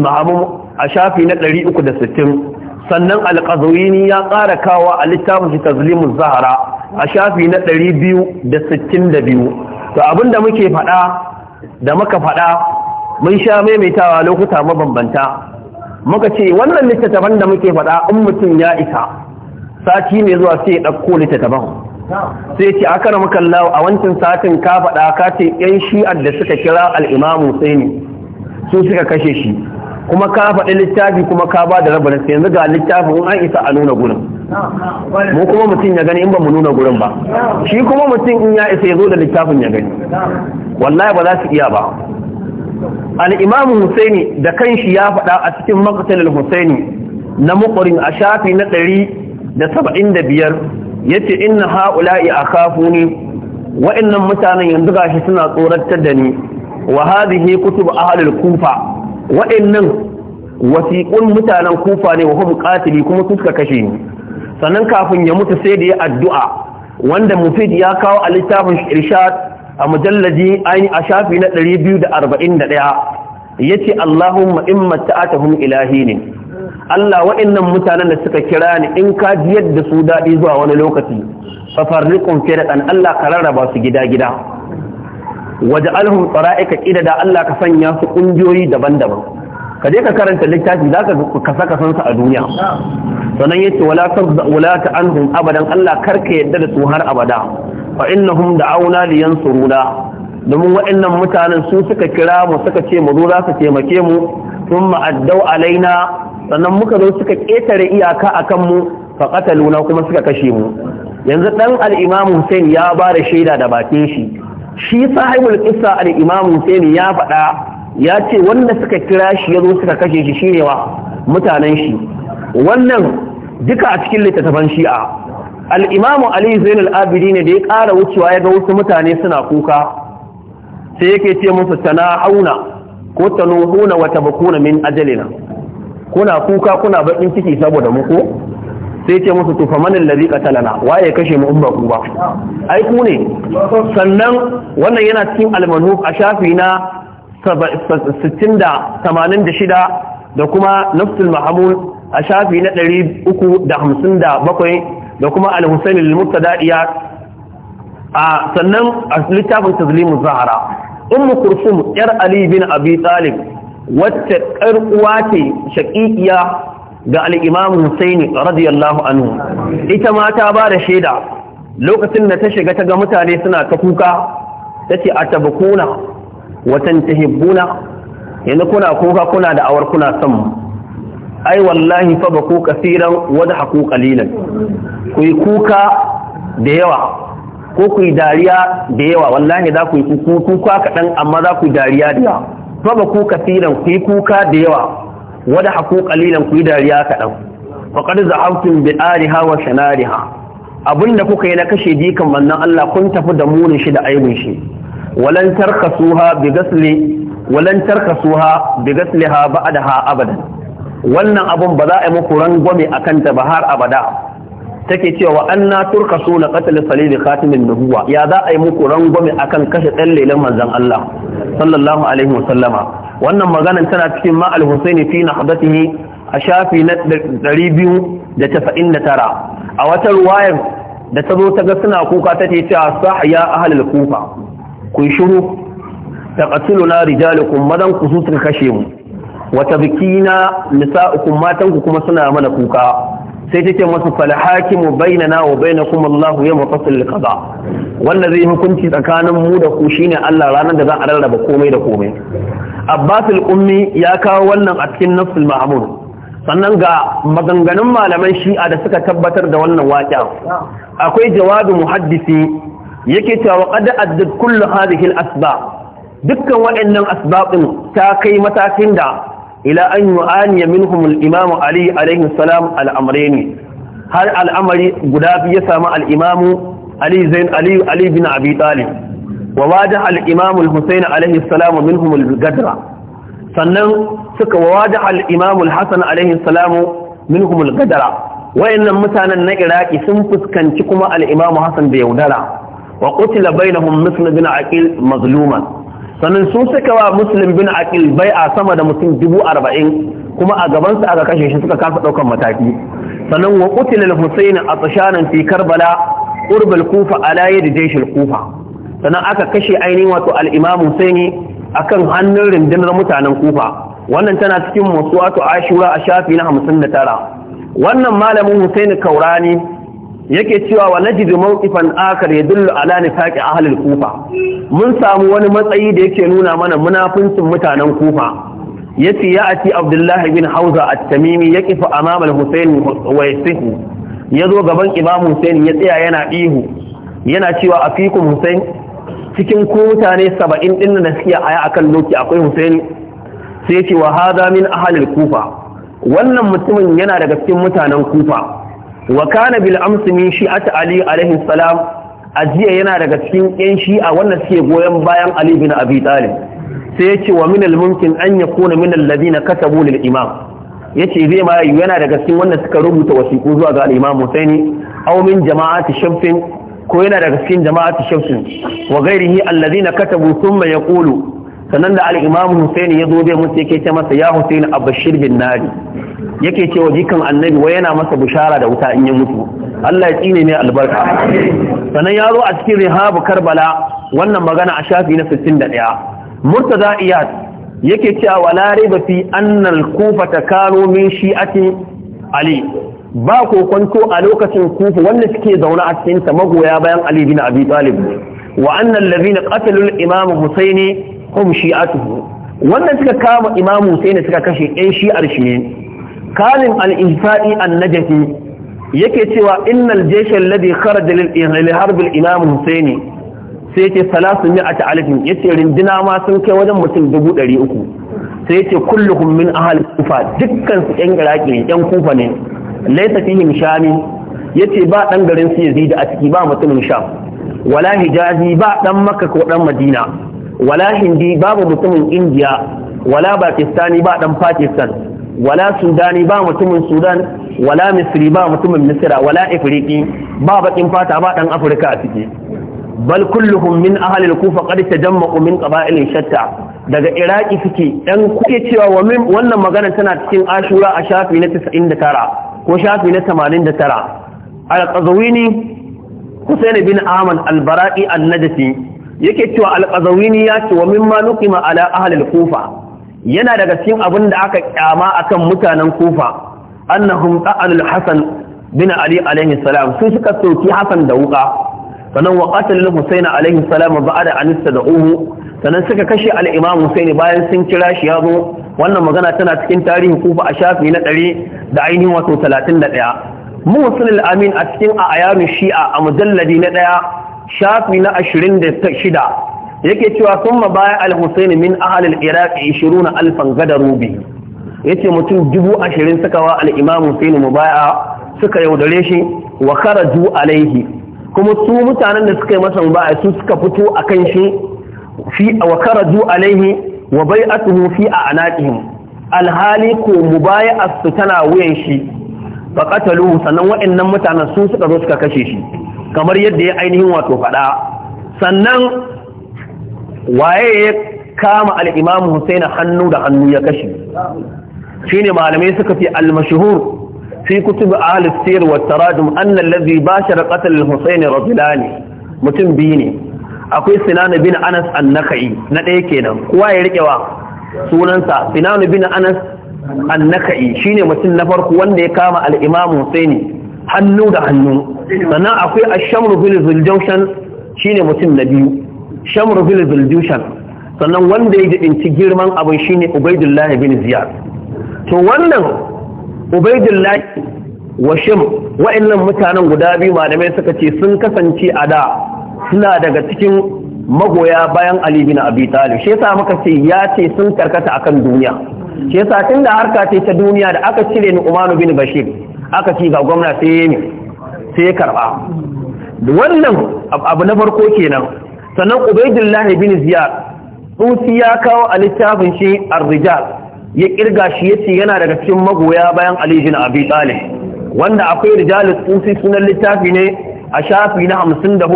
a shafi na ɗari uku da sittin sannan alƙazawini ya ƙara kawa a littafin shi Zahra zahara a shafi na 262 to abinda muke faɗa da muka faɗa mun sha maimaitawa lokuta mabambanta muka ce wannan littattafan da muke faɗa in mutum ya isa sati ne zuwa sai ya ɗauko littattafan sai ce aka na makallawa a wancan satin ka faɗa ka ce 'yan shi'ar da suka kira al'imamu sai ne su suka kashe shi kuma ka faɗi littafi kuma ka ba da rabarin sai yanzu ga littafin an isa a nuna gurin mu kuma mutum ya gani in ba mu nuna gurin ba shi kuma mutum in ya isa ya zo da littafin ya gani wallahi ba za su iya ba al-imam husaini da kanshi ya faɗa a cikin maqtal al-husaini na muqrin a shafi na 175 yace inna haula'i akhafuni waɗannan mutanen yanzu gashi suna tsoratar da ni wa hadhihi kutub ahli al-kufa wa'annan wasiƙun mutanen kufa ne wa hum qatili kuma suka kashe ni sannan kafin ya mutu sai da ya addu'a wanda mufid ya kawo a littafin irshad a mujallaji ayin a shafi na 241 yace Allahumma in matta'atuhum ilahi ne Allah waɗannan mutanen da suka kira ni in ka jiyar da su daɗi zuwa wani lokaci fa da firqan Allah ka rarraba su gida gida waje alhun tsara'ika ƙida da Allah ka sanya su ƙungiyoyi daban-daban ka je ka karanta littafi za ka saka sansa a duniya sannan ya ce wala ta anhum abadan Allah karka yadda da su har abada fa innahum da'auna li yansuruna domin waɗannan mutanen su suka kira mu suka ce mu zo za su taimake mu sun ma'addau alaina sannan muka zo suka ƙetare iyaka a kanmu fa ƙataluna kuma suka kashe mu yanzu ɗan al'imamu Hussein ya ba da shaida da bakin shi shi sahibul qissa al-imam ya faɗa ya ce wanda suka kira shi yazo suka kashe shi shine wa mutanen shi wannan duka a cikin littattafan shi'a al-imam Ali Zain al-Abidi ne da ya ƙara wucewa ya ga wasu mutane suna kuka sai yake ce musu auna ko tanuhuna wa tabakuna min ajalina kuna kuka kuna bakin ciki saboda mu ko sai ce musu tufa manin lari katalana waye kashe mu umba ku ba ai ku ne sannan wannan yana cikin almanu a shafi na 60 da 86 da kuma nafsul mahamul a shafi na 357 da kuma al-husayn al-mubtada'iya a sannan a littafin tazlimu zahara ummu kursum yar ali bin abi talib wacce karkuwa ce shaqiqiya ga al'imamu Husaini radiyallahu anhu ita ma ta ba da shaida lokacin da ta shiga ta ga mutane suna ta kuka ta ce a kuna watan tahibbuna yanzu kuna kuka kuna da awar kuna son ai wallahi fa ba ku kasiran wani haku kalilan ku yi kuka da yawa ko ku yi dariya da yawa wallahi za ku yi kuka kaɗan amma za ku yi dariya da yawa fa ba ku kasiran ku yi kuka da yawa wada haku kalilan ku dariya kadan faqad zahabtum bi ariha wa shanariha abinda kuka yi na kashe jikan wannan Allah kun tafi da munin shi da aibin shi walan suha bi gasli walan tarkasuha bi gasliha ba'daha abadan wannan abun ba za a yi muku rangwame akan ta ba har abada take cewa an na turka suna katil salili khatimin nubuwa ya za a yi muku rangwame akan kashe ɗan lelan manzan Allah sallallahu alaihi sallama. wannan maganan tana cikin ma al-husaini fi nahdatihi a shafi na 299 a wata ruwaya da ta zo ta ga suna kuka ta ce cewa sahya ahlul kufa ku shiru taqatuluna rijalukum madan ku su suka kashe mu wa tabkina nisa'ukum matan ku kuma suna mana kuka sai ce masu falhakimu bainana wa bainakum Allahu ya mafassil qada Wannan zai hukunci tsakanin mu da ku shine Allah ranar da za a rarraba komai da komai abbas al-ummi ya kawo wannan a cikin nafsul mahmud sannan ga maganganun malaman shi'a da suka tabbatar da wannan waƙa akwai jawabin muhaddisi yake cewa qad addad kullu hadhihi al-asbab dukkan waɗannan asbabin ta kai matakin da ila an yu'ani minhum al-imam ali alayhi salam al-amrayni har al'amari guda biyu ya sami al-imam ali zain ali ali bin abi talib wa wajaha al-imam al-husayn alaihi salam minhum gadra sannan suka wajaha al-imam al-hasan alaihi salam minhum al wayannan mutanen na iraki sun fuskanci kuma al'imamu Hassan da yaudara wa qutila bainahum muslim bin aqil mazluman sannan sun suka wa muslim bin aqil a sama da mutum dubu arba'in kuma a gabansa aka kashe shi suka kasa ɗaukan mataki sannan wa qutila al-husayn atshanan fi karbala qurbal kufa ala yadi jaysh al-kufa sannan aka kashe ainihin wato al-Imam Husaini akan hannun rundunar mutanen Kufa wannan tana cikin masu wato Ashura a shafi na hamsin da tara. wannan malamin Hussein Kaurani yake cewa wa najidu akar ya yadullu ala nifaqi ahli kufa mun samu wani matsayi da yake nuna mana munafincin mutanen Kufa yace ya ati Abdullahi bin Hauza a tamimi yaqifu amama Amamal husayn wa yasihu zo gaban Imam Husaini ya tsaya yana ihu yana cewa afikum Husain cikin ko mutane saba'in ɗin da suke aya a kan doki akwai husaini sai ce wa hada min ahalil kufa wannan mutumin yana daga cikin mutanen kufa wa kana bil amsi min shi'at ali alaihi salam ajiya yana daga cikin yan shi'a wannan suke goyon bayan ali bin abi talib sai ya ce wa min al mumkin an yakuna min alladhina katabu lil imam yace zai ma yana daga cikin wanda suka rubuta wasiƙu zuwa ga al imam Husaini aw min jama'ati shamsin ko yana daga cikin jama'atu shamsun wa ghairihi allazina katabu ya kulu sannan da al-imam Hussein ya zo bai mutu yake ce masa ya Hussein abashir bin nari yake ce wa jikan annabi wa yana masa bushara da wuta in ya mutu Allah ya tsine mai albarka sannan ya zo a cikin rihabu Karbala wannan magana a shafi na 61 Murtaza Iyad yake cewa la riba fi anna al-kufa kano min shi'ati Ali ba ko kwanto a lokacin kufa wanda suke zaune a cikin ta magoya bayan Ali bin Abi Talib wa annal ladina qatalu al-imam Husayn hum shi'atuhu wannan suka kama Imam Husayn suka kashe ɗan shi'ar shi ne kalim al-ihsadi an-najfi yake cewa innal jaysh alladhi kharaja lil harb al-imam Husayn sai yace a alifin yace rindina ma sun kai wajen mutum uku. sai yace kulluhum min ahli kufa dukkan su ɗan iraki ne ƴan kufa ne laisa fihim shami yace ba dan garin su da a ciki ba mutumin sham wala hijazi ba dan makka ko dan madina wala hindi babu mutumin indiya wala pakistani ba dan pakistan wala sudani ba mutumin sudan wala misri ba mutumin misra wala ifriki ba bakin fata ba dan afirka a ciki bal kulluhum min ahli al-kufa qad tajamma'u min qaba'il shatta daga iraki suke dan kuke cewa wannan magana tana cikin ashura a shafi na 99 ko shafi na 89 al-qazawini Husayn bin Ahmad al-Bara'i yake cewa al-qazawini ya ce wa mimma nuqima ala ahli al-Kufa yana daga cikin abin da aka kyama akan mutanen Kufa annahum ta'anul Hasan bin Ali alayhi salam su suka soki Hasan da wuka sannan wa qatalul husayn alaihi salam Anista da Uhu, sannan suka kashe alimam imam bayan sun kira shi zo wannan magana tana cikin tarihi kufa a shafi na ɗari da ainihin wato ɗaya, musul al-amin a cikin ayanu shi'a a mujalladi na ɗaya shafi na shida, yake cewa ma baya al-husayn min ahalin al-iraq alfan gada rubi, ya ce mutum dubu ashirin suka wa al'imamu sai mu baya suka yaudare shi wa karaju alaihi kuma su mutanen da suka yi masa mubaya'a su suka fito akan shi fi wa karaju alaihi wa a fi a'naqihim alhali ko mubaya'a su tana wuyan shi fa qataluhu sannan waɗannan mutanen su suka zo suka kashe shi kamar yadda ya ainihin wato faɗa sannan waye ya kama Alimamu Hussaina hannu da hannu ya kashe shine malamai suka fi al-mashhur fi kutub ahli sir wa tarajum anna allazi bashara qatl al-husayn rajulani mutum biyu ne akwai sinan bin anas an-nakai na ɗaya kenan kowa ya rike wa sunansa sinan bin anas an-nakai shine mutum na farko wanda ya kama al-imam husaini hannu da hannu sannan akwai ash-shamru fil zuljawshan shine mutum na biyu shamru fil zuljawshan sannan wanda ya jibinci girman abin shine ubaidullah bin ziyad to wannan UbaidulLahi wa shim wa'annan mutanen guda biyu malamai suka ce sun kasance a da suna daga cikin magoya bayan ali bin abi talib shi yasa muka ce ya ce sun karkata akan duniya shi yasa tunda harka ce ta duniya da aka cire ni Umar bin bashir aka ci ga gwamna sai ne sai karba wannan abu na farko kenan sannan UbaidulLahi bin ziyad tsusi ya kawo a littafin shi ar-rijal ya kirga shi yace yana daga cikin magoya bayan Ali bin Abi Talib wanda akwai rijalus tsufi sunan littafi ne a shafi na 54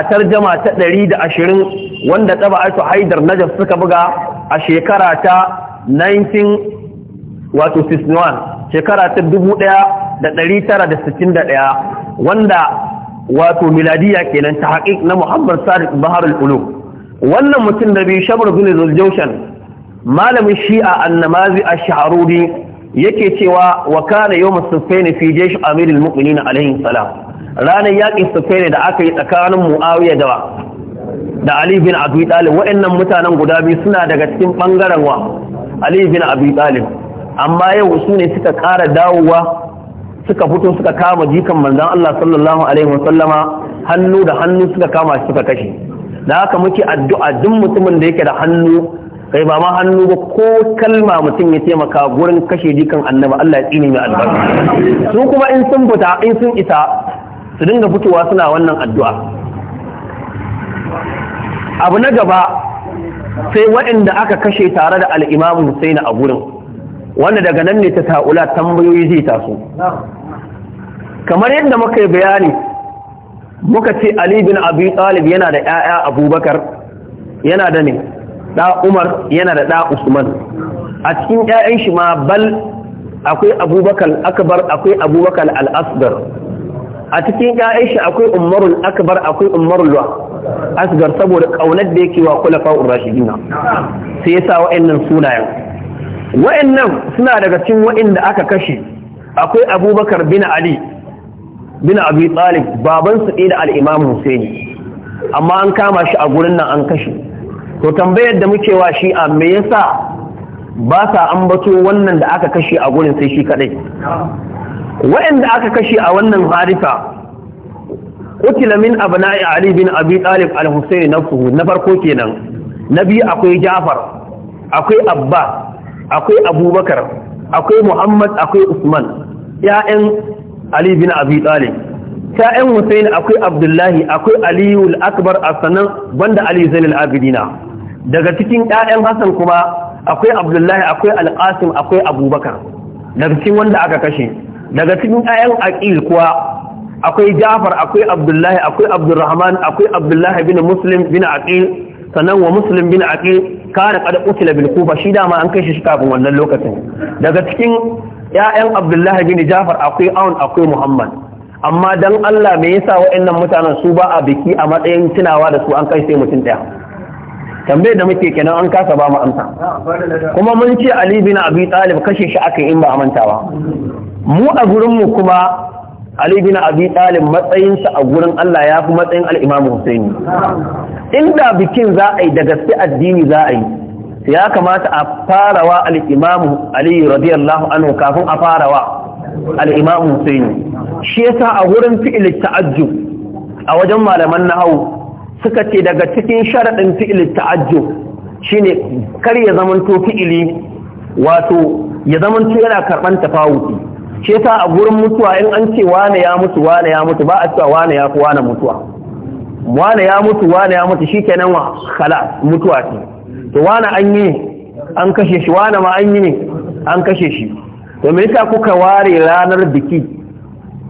a tarjama ta 120 wanda Aisha Haidar Najaf suka buga a shekara ta 19 wato 61 shekara ta 1961 wanda wato miladiya kenan ta haƙiƙ na Muhammad Sadiq al Ulum wannan mutum da bi Shamr bin Zuljawshan malamin shi'a annamazi a shaharuri yake cewa wa kana yawm as-sufayn fi jaysh amir al alayhi salam ranar yaƙin sufayn da aka yi tsakanin muawiya da da ali bin abi talib waɗannan mutanen guda biyu suna daga cikin bangaren wa ali bin abi talib amma yau su ne suka ƙara dawowa suka fito suka kama jikan manzon Allah sallallahu alaihi hannu da hannu suka kama suka kashe da haka muke addu'a duk mutumin da yake da hannu kai ba ma hannu ba ko kalma mutum ya taimaka gurin kashe jikan annaba Allah ya tsini mai albarka su kuma in sun fita in sun isa su dinga fitowa suna wannan addu'a abu na gaba sai waɗanda aka kashe tare da al'imam Hussein a gurin wanda daga nan ne ta ta'ula tambayoyi zai taso kamar yadda muka yi bayani muka ce Ali bin Abi Talib yana da ‘ya'ya Abubakar yana da ne da umar yana da da usman a cikin ƴaƴan shi ma bal akwai abubakar akbar akwai abubakar al-asghar a cikin ƴaƴan shi akwai umarul akbar akwai umarul asghar saboda kaunar da yake wa khulafa'ur rashidina sai yasa wa'annan sunayen wa'annan suna daga cikin wa'anda aka kashe akwai abubakar bin ali bin abi talib baban su da al-imam husaini amma an kama shi a gurin nan an kashe to tambayar da muke wa shi a me yasa ba sa ambato wannan da aka kashe a gurin sai shi kadai wa'anda aka kashe a wannan harisa qutila min abna'i ali bin abi talib al-husayn nafsuhu na farko kenan na biyu akwai jafar akwai abba akwai abubakar akwai muhammad akwai usman ya'yan ali bin abi talib ya'yan husayn akwai abdullahi akwai aliyu al-akbar sannan banda ali zainal abidina daga cikin ƴaƴan Hassan kuma akwai Abdullahi akwai Al-Qasim akwai Abubakar daga cikin wanda aka kashe daga cikin ƴaƴan Aqil kuwa akwai Jafar akwai Abdullahi akwai Abdurrahman akwai Abdullahi bin Muslim bin Aqil sannan wa Muslim bin Aqil kana qad qutila bil Kufa shi dama an kashe shi kafin wannan lokacin daga cikin ƴaƴan Abdullahi bin Jafar akwai Aun akwai Muhammad amma dan Allah me yasa waɗannan mutanen su ba a biki a matsayin tunawa da su an kai sai mutum ɗaya tambayar da muke kenan an kasa ba mu amsa kuma mun ce Ali bin Abi Talib kashe shi aka in ba a manta ba mu a gurin mu kuma Ali bin Abi Talib matsayin sa a gurin Allah ya fi matsayin al-Imam Husaini inda bikin za a yi da gaske addini za a yi ya kamata a farawa al-Imam Ali radiyallahu anhu kafin a farawa al-Imam Husaini shi yasa a gurin fi'il ta'ajjub a wajen malaman nahawu suka ce daga cikin sharaɗin fi'il Shi ne kar ya zamanto fi'ili wato ya zamanto yana karɓar tafawuti ce ta a gurin mutuwa in an ce wane ya mutu wane ya mutu ba a cewa wane ya fi wane mutuwa wane ya mutu wane ya mutu Shi nan wa kala mutuwa ce to wane an yi an kashe shi wane ma an yi ne an kashe shi to me yasa kuka ware ranar biki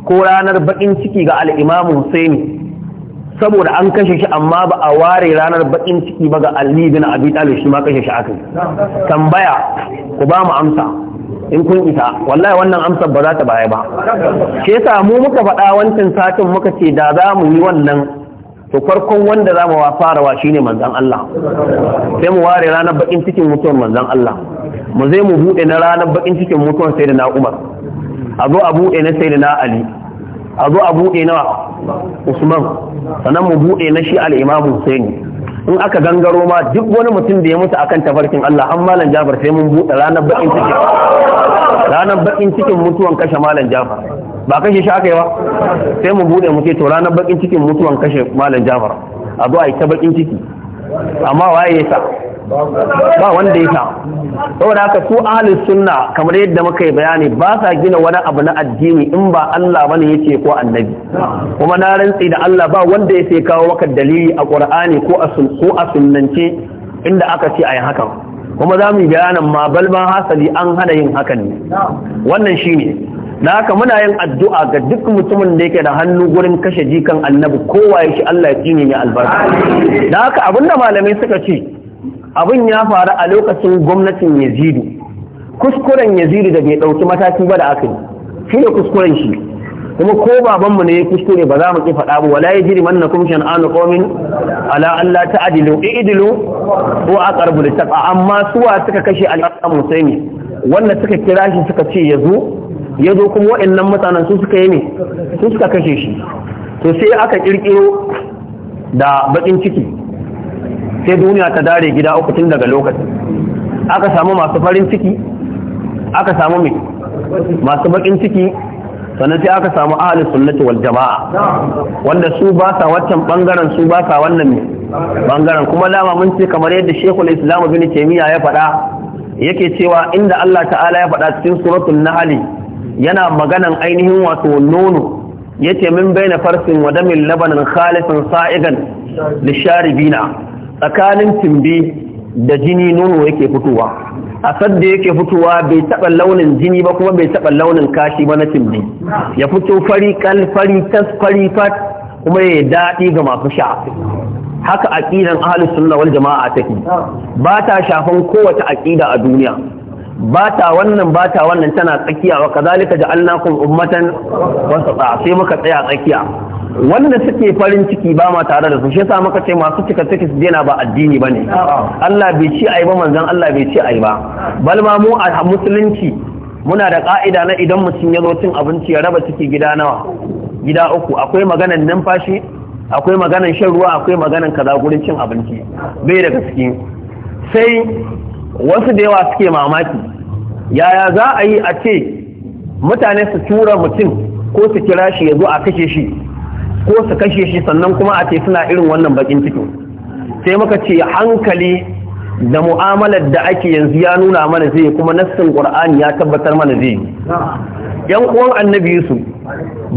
ko ranar bakin ciki ga al'imamu imam Husaini saboda an kashe shi amma ba a ware ranar bakin ciki ba ga Ali bin Abi Talib shi ma kashe shi akai tambaya ku ba mu amsa in kun isa wallahi wannan amsa? ba za ta baya ba Ke yasa mu muka faɗa wancan satin muka ce da za mu yi wannan to farkon wanda za mu wa shine manzon Allah sai mu ware ranar bakin cikin mutuwar manzon Allah mu zai mu bude na ranar bakin cikin mutuwar sai da na Umar a zo a bude na sai da na Ali a zo a bude na usman sannan mu buɗe na shi al'imam hussein in aka gangaro ma duk wani mutum da ya mutu akan tafarkin Allah an malam Jafar sai mun buɗe ranar bakin cikin ranar bakin cikin mutuwan kashe malam Jafar ba kashe shi aka yi ba sai mu buɗe mu ce to ranar bakin cikin mutuwan kashe malam Jafar a zo a yi ciki amma waye ya sa ba wanda ya sa. saboda haka su ahli sunna kamar yadda muka yi bayani ba sa gina wani abu na addini in ba Allah bane yace ko annabi kuma na rantsi da Allah ba wanda yake kawo maka dalili a Qur'ani ko a ko a sunnance inda aka ce ayi hakan kuma za mu yi bayanin ma balban hasali an hana yin hakan ne wannan shine da haka muna yin addu'a ga duk mutumin da yake da hannu gurin kashe jikan annabi kowa ya shi Allah ya tsine mai albarka da haka abinda malamai suka ce abin ya faru a lokacin gwamnatin yazidu kuskuren yazidu da bai ɗauki mataki ba da aka yi shi ne kuskuren shi kuma ko babanmu ne ya kuskure ba za mu ki faɗa ba wala ya jiri manna kuma shi an qawmin ala Allah ta'dilu i'dilu ƙarbu da taɓa amma suwa suka kashe al-Imam ne? wanda suka kira shi suka ce ya zo, ya zo kuma waɗannan mutanen su suka yi ne su suka kashe shi to sai aka ƙirƙiro da baƙin ciki sai duniya ta dare gida uku tun daga lokacin aka samu masu farin ciki aka samu mai masu bakin ciki sannan sai aka samu ahalin sunnati wal jama'a wanda su ba sa waccan bangaren su ba sa wannan mai. bangaren kuma lama mun ce kamar yadda shekul islamu bin taimiyya ya faɗa yake cewa inda Allah ta'ala ya faɗa cikin suratul nahl yana maganan ainihin wato nono yace min baina farsin wadamin damin labanin khalisin sa'igan lisharibina tsakanin timbi da jini nono yake fitowa a sadda yake fitowa bai taɓa launin jini ba kuma bai taɓa launin kashi ba na timbi ya fito fari kal fari tas fari fat kuma ya daɗi ga masu sha haka aqidan ahlus sunna wal jama'a take ba ta shafan kowace aqida a duniya ba ta wannan ba wannan tana tsakiya wa kazalika ja'alnakum ummatan wasata sai muka tsaya tsakiya wanda suke farin ciki ba ma tare da su shi yasa muka ce masu cika ciki su daina ba addini ba ne. Allah bai ci ayi ba manzon Allah bai ci ai ba bal mu a musulunci muna da ka'ida na idan mutum ya zo cin abinci ya raba ciki gida nawa gida uku akwai maganan numfashi akwai maganan shan ruwa akwai maganan kaza gurin cin abinci bai da gaske sai wasu da yawa suke mamaki yaya za a yi a ce mutane su tura mutum ko su kira shi ya zo a kashe shi ko su kashe shi sannan kuma a ce suna irin wannan bakin ciki? sai muka ce hankali da mu'amalar da ake yanzu ya nuna mana zai kuma nassin qur'ani ya tabbatar mana zai yan uwan annabi su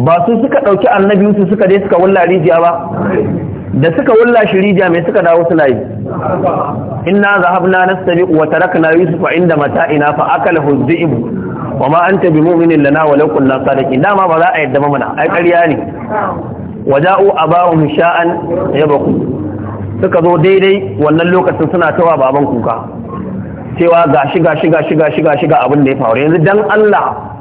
ba su suka dauki annabi su suka je suka wulla rijiya ba da suka wulla shi mai suka dawo suna yi inna zahabna nastabi wa tarakna yusufa inda mata'ina fa akalahu ibu. wa ma anta bimu'minin lana wa law kunna sadiqin dama ba za a yadda ba mana ai ƙarya ne waja'u mu sha'an ku. suka zo daidai wannan lokacin suna tawa baban kuka cewa ga shiga shiga shiga shiga abin da ya faru yanzu dan Allah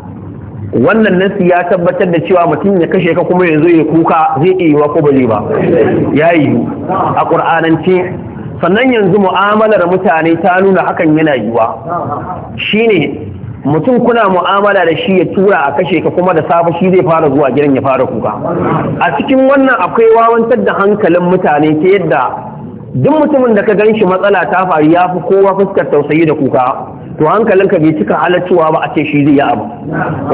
wannan nasi ya tabbatar da cewa mutum ya kashe ka kuma yanzu ya kuka zai iya yiwa ko ba ba ya yiwu a ƙur'anance sannan yanzu mu'amalar mutane ta nuna hakan yana yiwa shine mutum kuna mu'amala da shi ya tura a kashe ka kuma da safe shi zai fara zuwa gidan ya fara kuka a cikin wannan akwai wawantar da hankalin mutane ta yadda duk mutumin da ka gan shi matsala ta faru ya fi kowa fuskar tausayi da kuka to hankalinka bai cika halaccewa ba a ce shi zai yi abu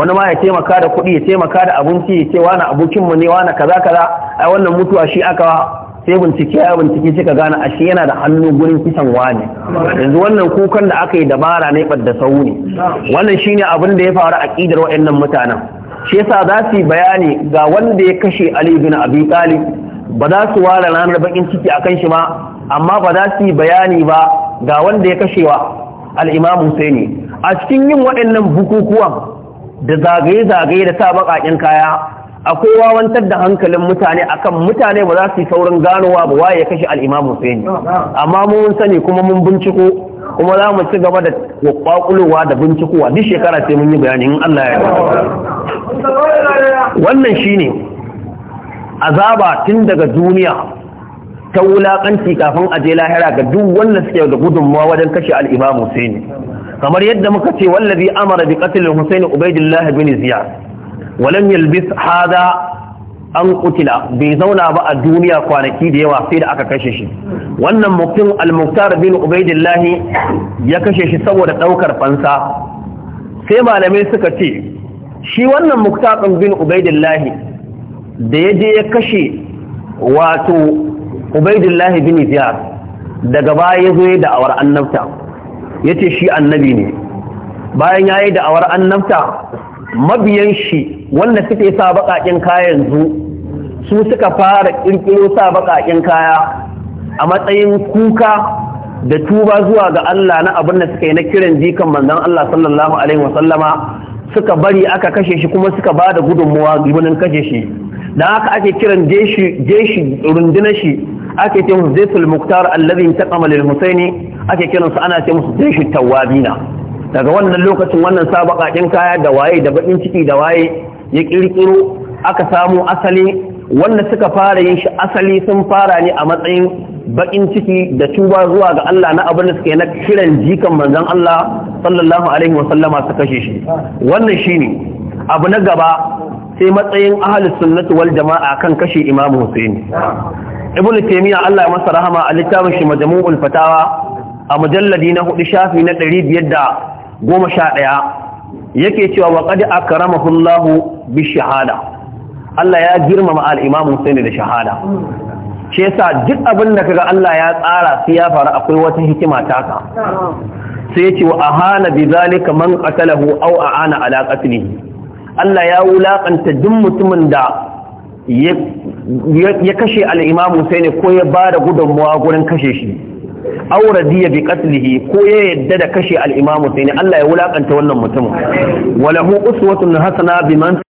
wani ma ya taimaka da kuɗi ya taimaka da abinci ya ce wani mu ne wani kaza kaza a wannan mutuwa shi aka sai bincike ya bincike cika gane A shi yana da hannu gurin kisan wani yanzu wannan kukan da aka yi dabara ne da sau ne wannan shi ne abin da ya faru a ƙidar waɗannan mutanen shi yasa za su yi bayani ga wanda ya kashe Ali bin Abi Talib ba za su ware ranar bakin ciki akan shi ba amma ba za su yi bayani ba ga wanda ya kashewa al'imam Husaini a cikin yin waɗannan bukukuwan da zagaye-zagaye da sa baƙaƙen kaya akwai wawantar da hankalin mutane akan mutane ba za su yi saurin ganowa ba waye kashe al'imam Husaini amma mun sani kuma mun binciko kuma za mu ci gaba da kwakulowa da bincikowa duk shekara sai mun yi bayani in Allah ya wannan shine azaba tun daga duniya ta wulakanci kafin a je lahira ga duk wanda suke da gudunmawa wajen kashe alimam imam Hussein kamar yadda muka ce wallazi amara bi qatl Hussein Ubaydullah bin Ziyad walam yalbis hada an kutila bai zauna ba a duniya kwanaki da yawa sai da aka kashe shi wannan mutum al-Muqtar bin Ubaydullah ya kashe shi saboda daukar fansa sai malamai suka ce shi wannan Muqtar bin Ubaydullah da ya je ya kashe wato Ubaidullah bin ziyar daga baya ya zo da awar annabta ya ce shi annabi ne bayan yayi yi da awar annabta mabiyan shi wanda suke sa baƙaƙen kaya yanzu su suka fara ƙirƙiro sa baƙaƙen kaya a matsayin kuka da tuba zuwa ga Allah na abin da suka yi na kiran jikan manzon Allah sallallahu alaihi wasallama suka bari aka kashe shi kuma suka ba da gudunmuwa gudunin kashe shi dan haka ake kiran jeshi rundunar shi ake ce musu zaitul muktar allazi ta lil husaini ake kiran su ana ce musu zaishu tawabina daga wannan lokacin wannan sabaka din kaya da waye da bakin ciki da waye ya kirkiro aka samu asali wanda suka fara yin shi asali sun fara ne a matsayin bakin ciki da tuba zuwa ga Allah na abin da suke na kiran jikan manzon Allah sallallahu alaihi wa sallama su kashe shi wannan shine abu na gaba sai matsayin ahlus sunnati wal jama'a kan kashe Imam husaini ibn taymiya Allah ya masa rahama a littafin shi majmu'ul fatawa a mujalladi na hudu shafi na 511 yake cewa wa qad akramahu Allah bi shahada Allah ya girmama al-imam Husaini da shahada shi yasa duk abin da kaga Allah ya tsara sai ya faru akwai wata hikima ta ka sai ya ce wa ahana bi zalika man qatalahu aw aana ala qatlihi Allah ya wulakanta duk mutumin da ya kashe al'imam ne ko ya ba da gudunmawa gurin kashe shi aure diya bi katlihi ko ya yadda da kashe al'imam ne? Allah ya wulakanta wannan mutumin walahu uswatun hasana biman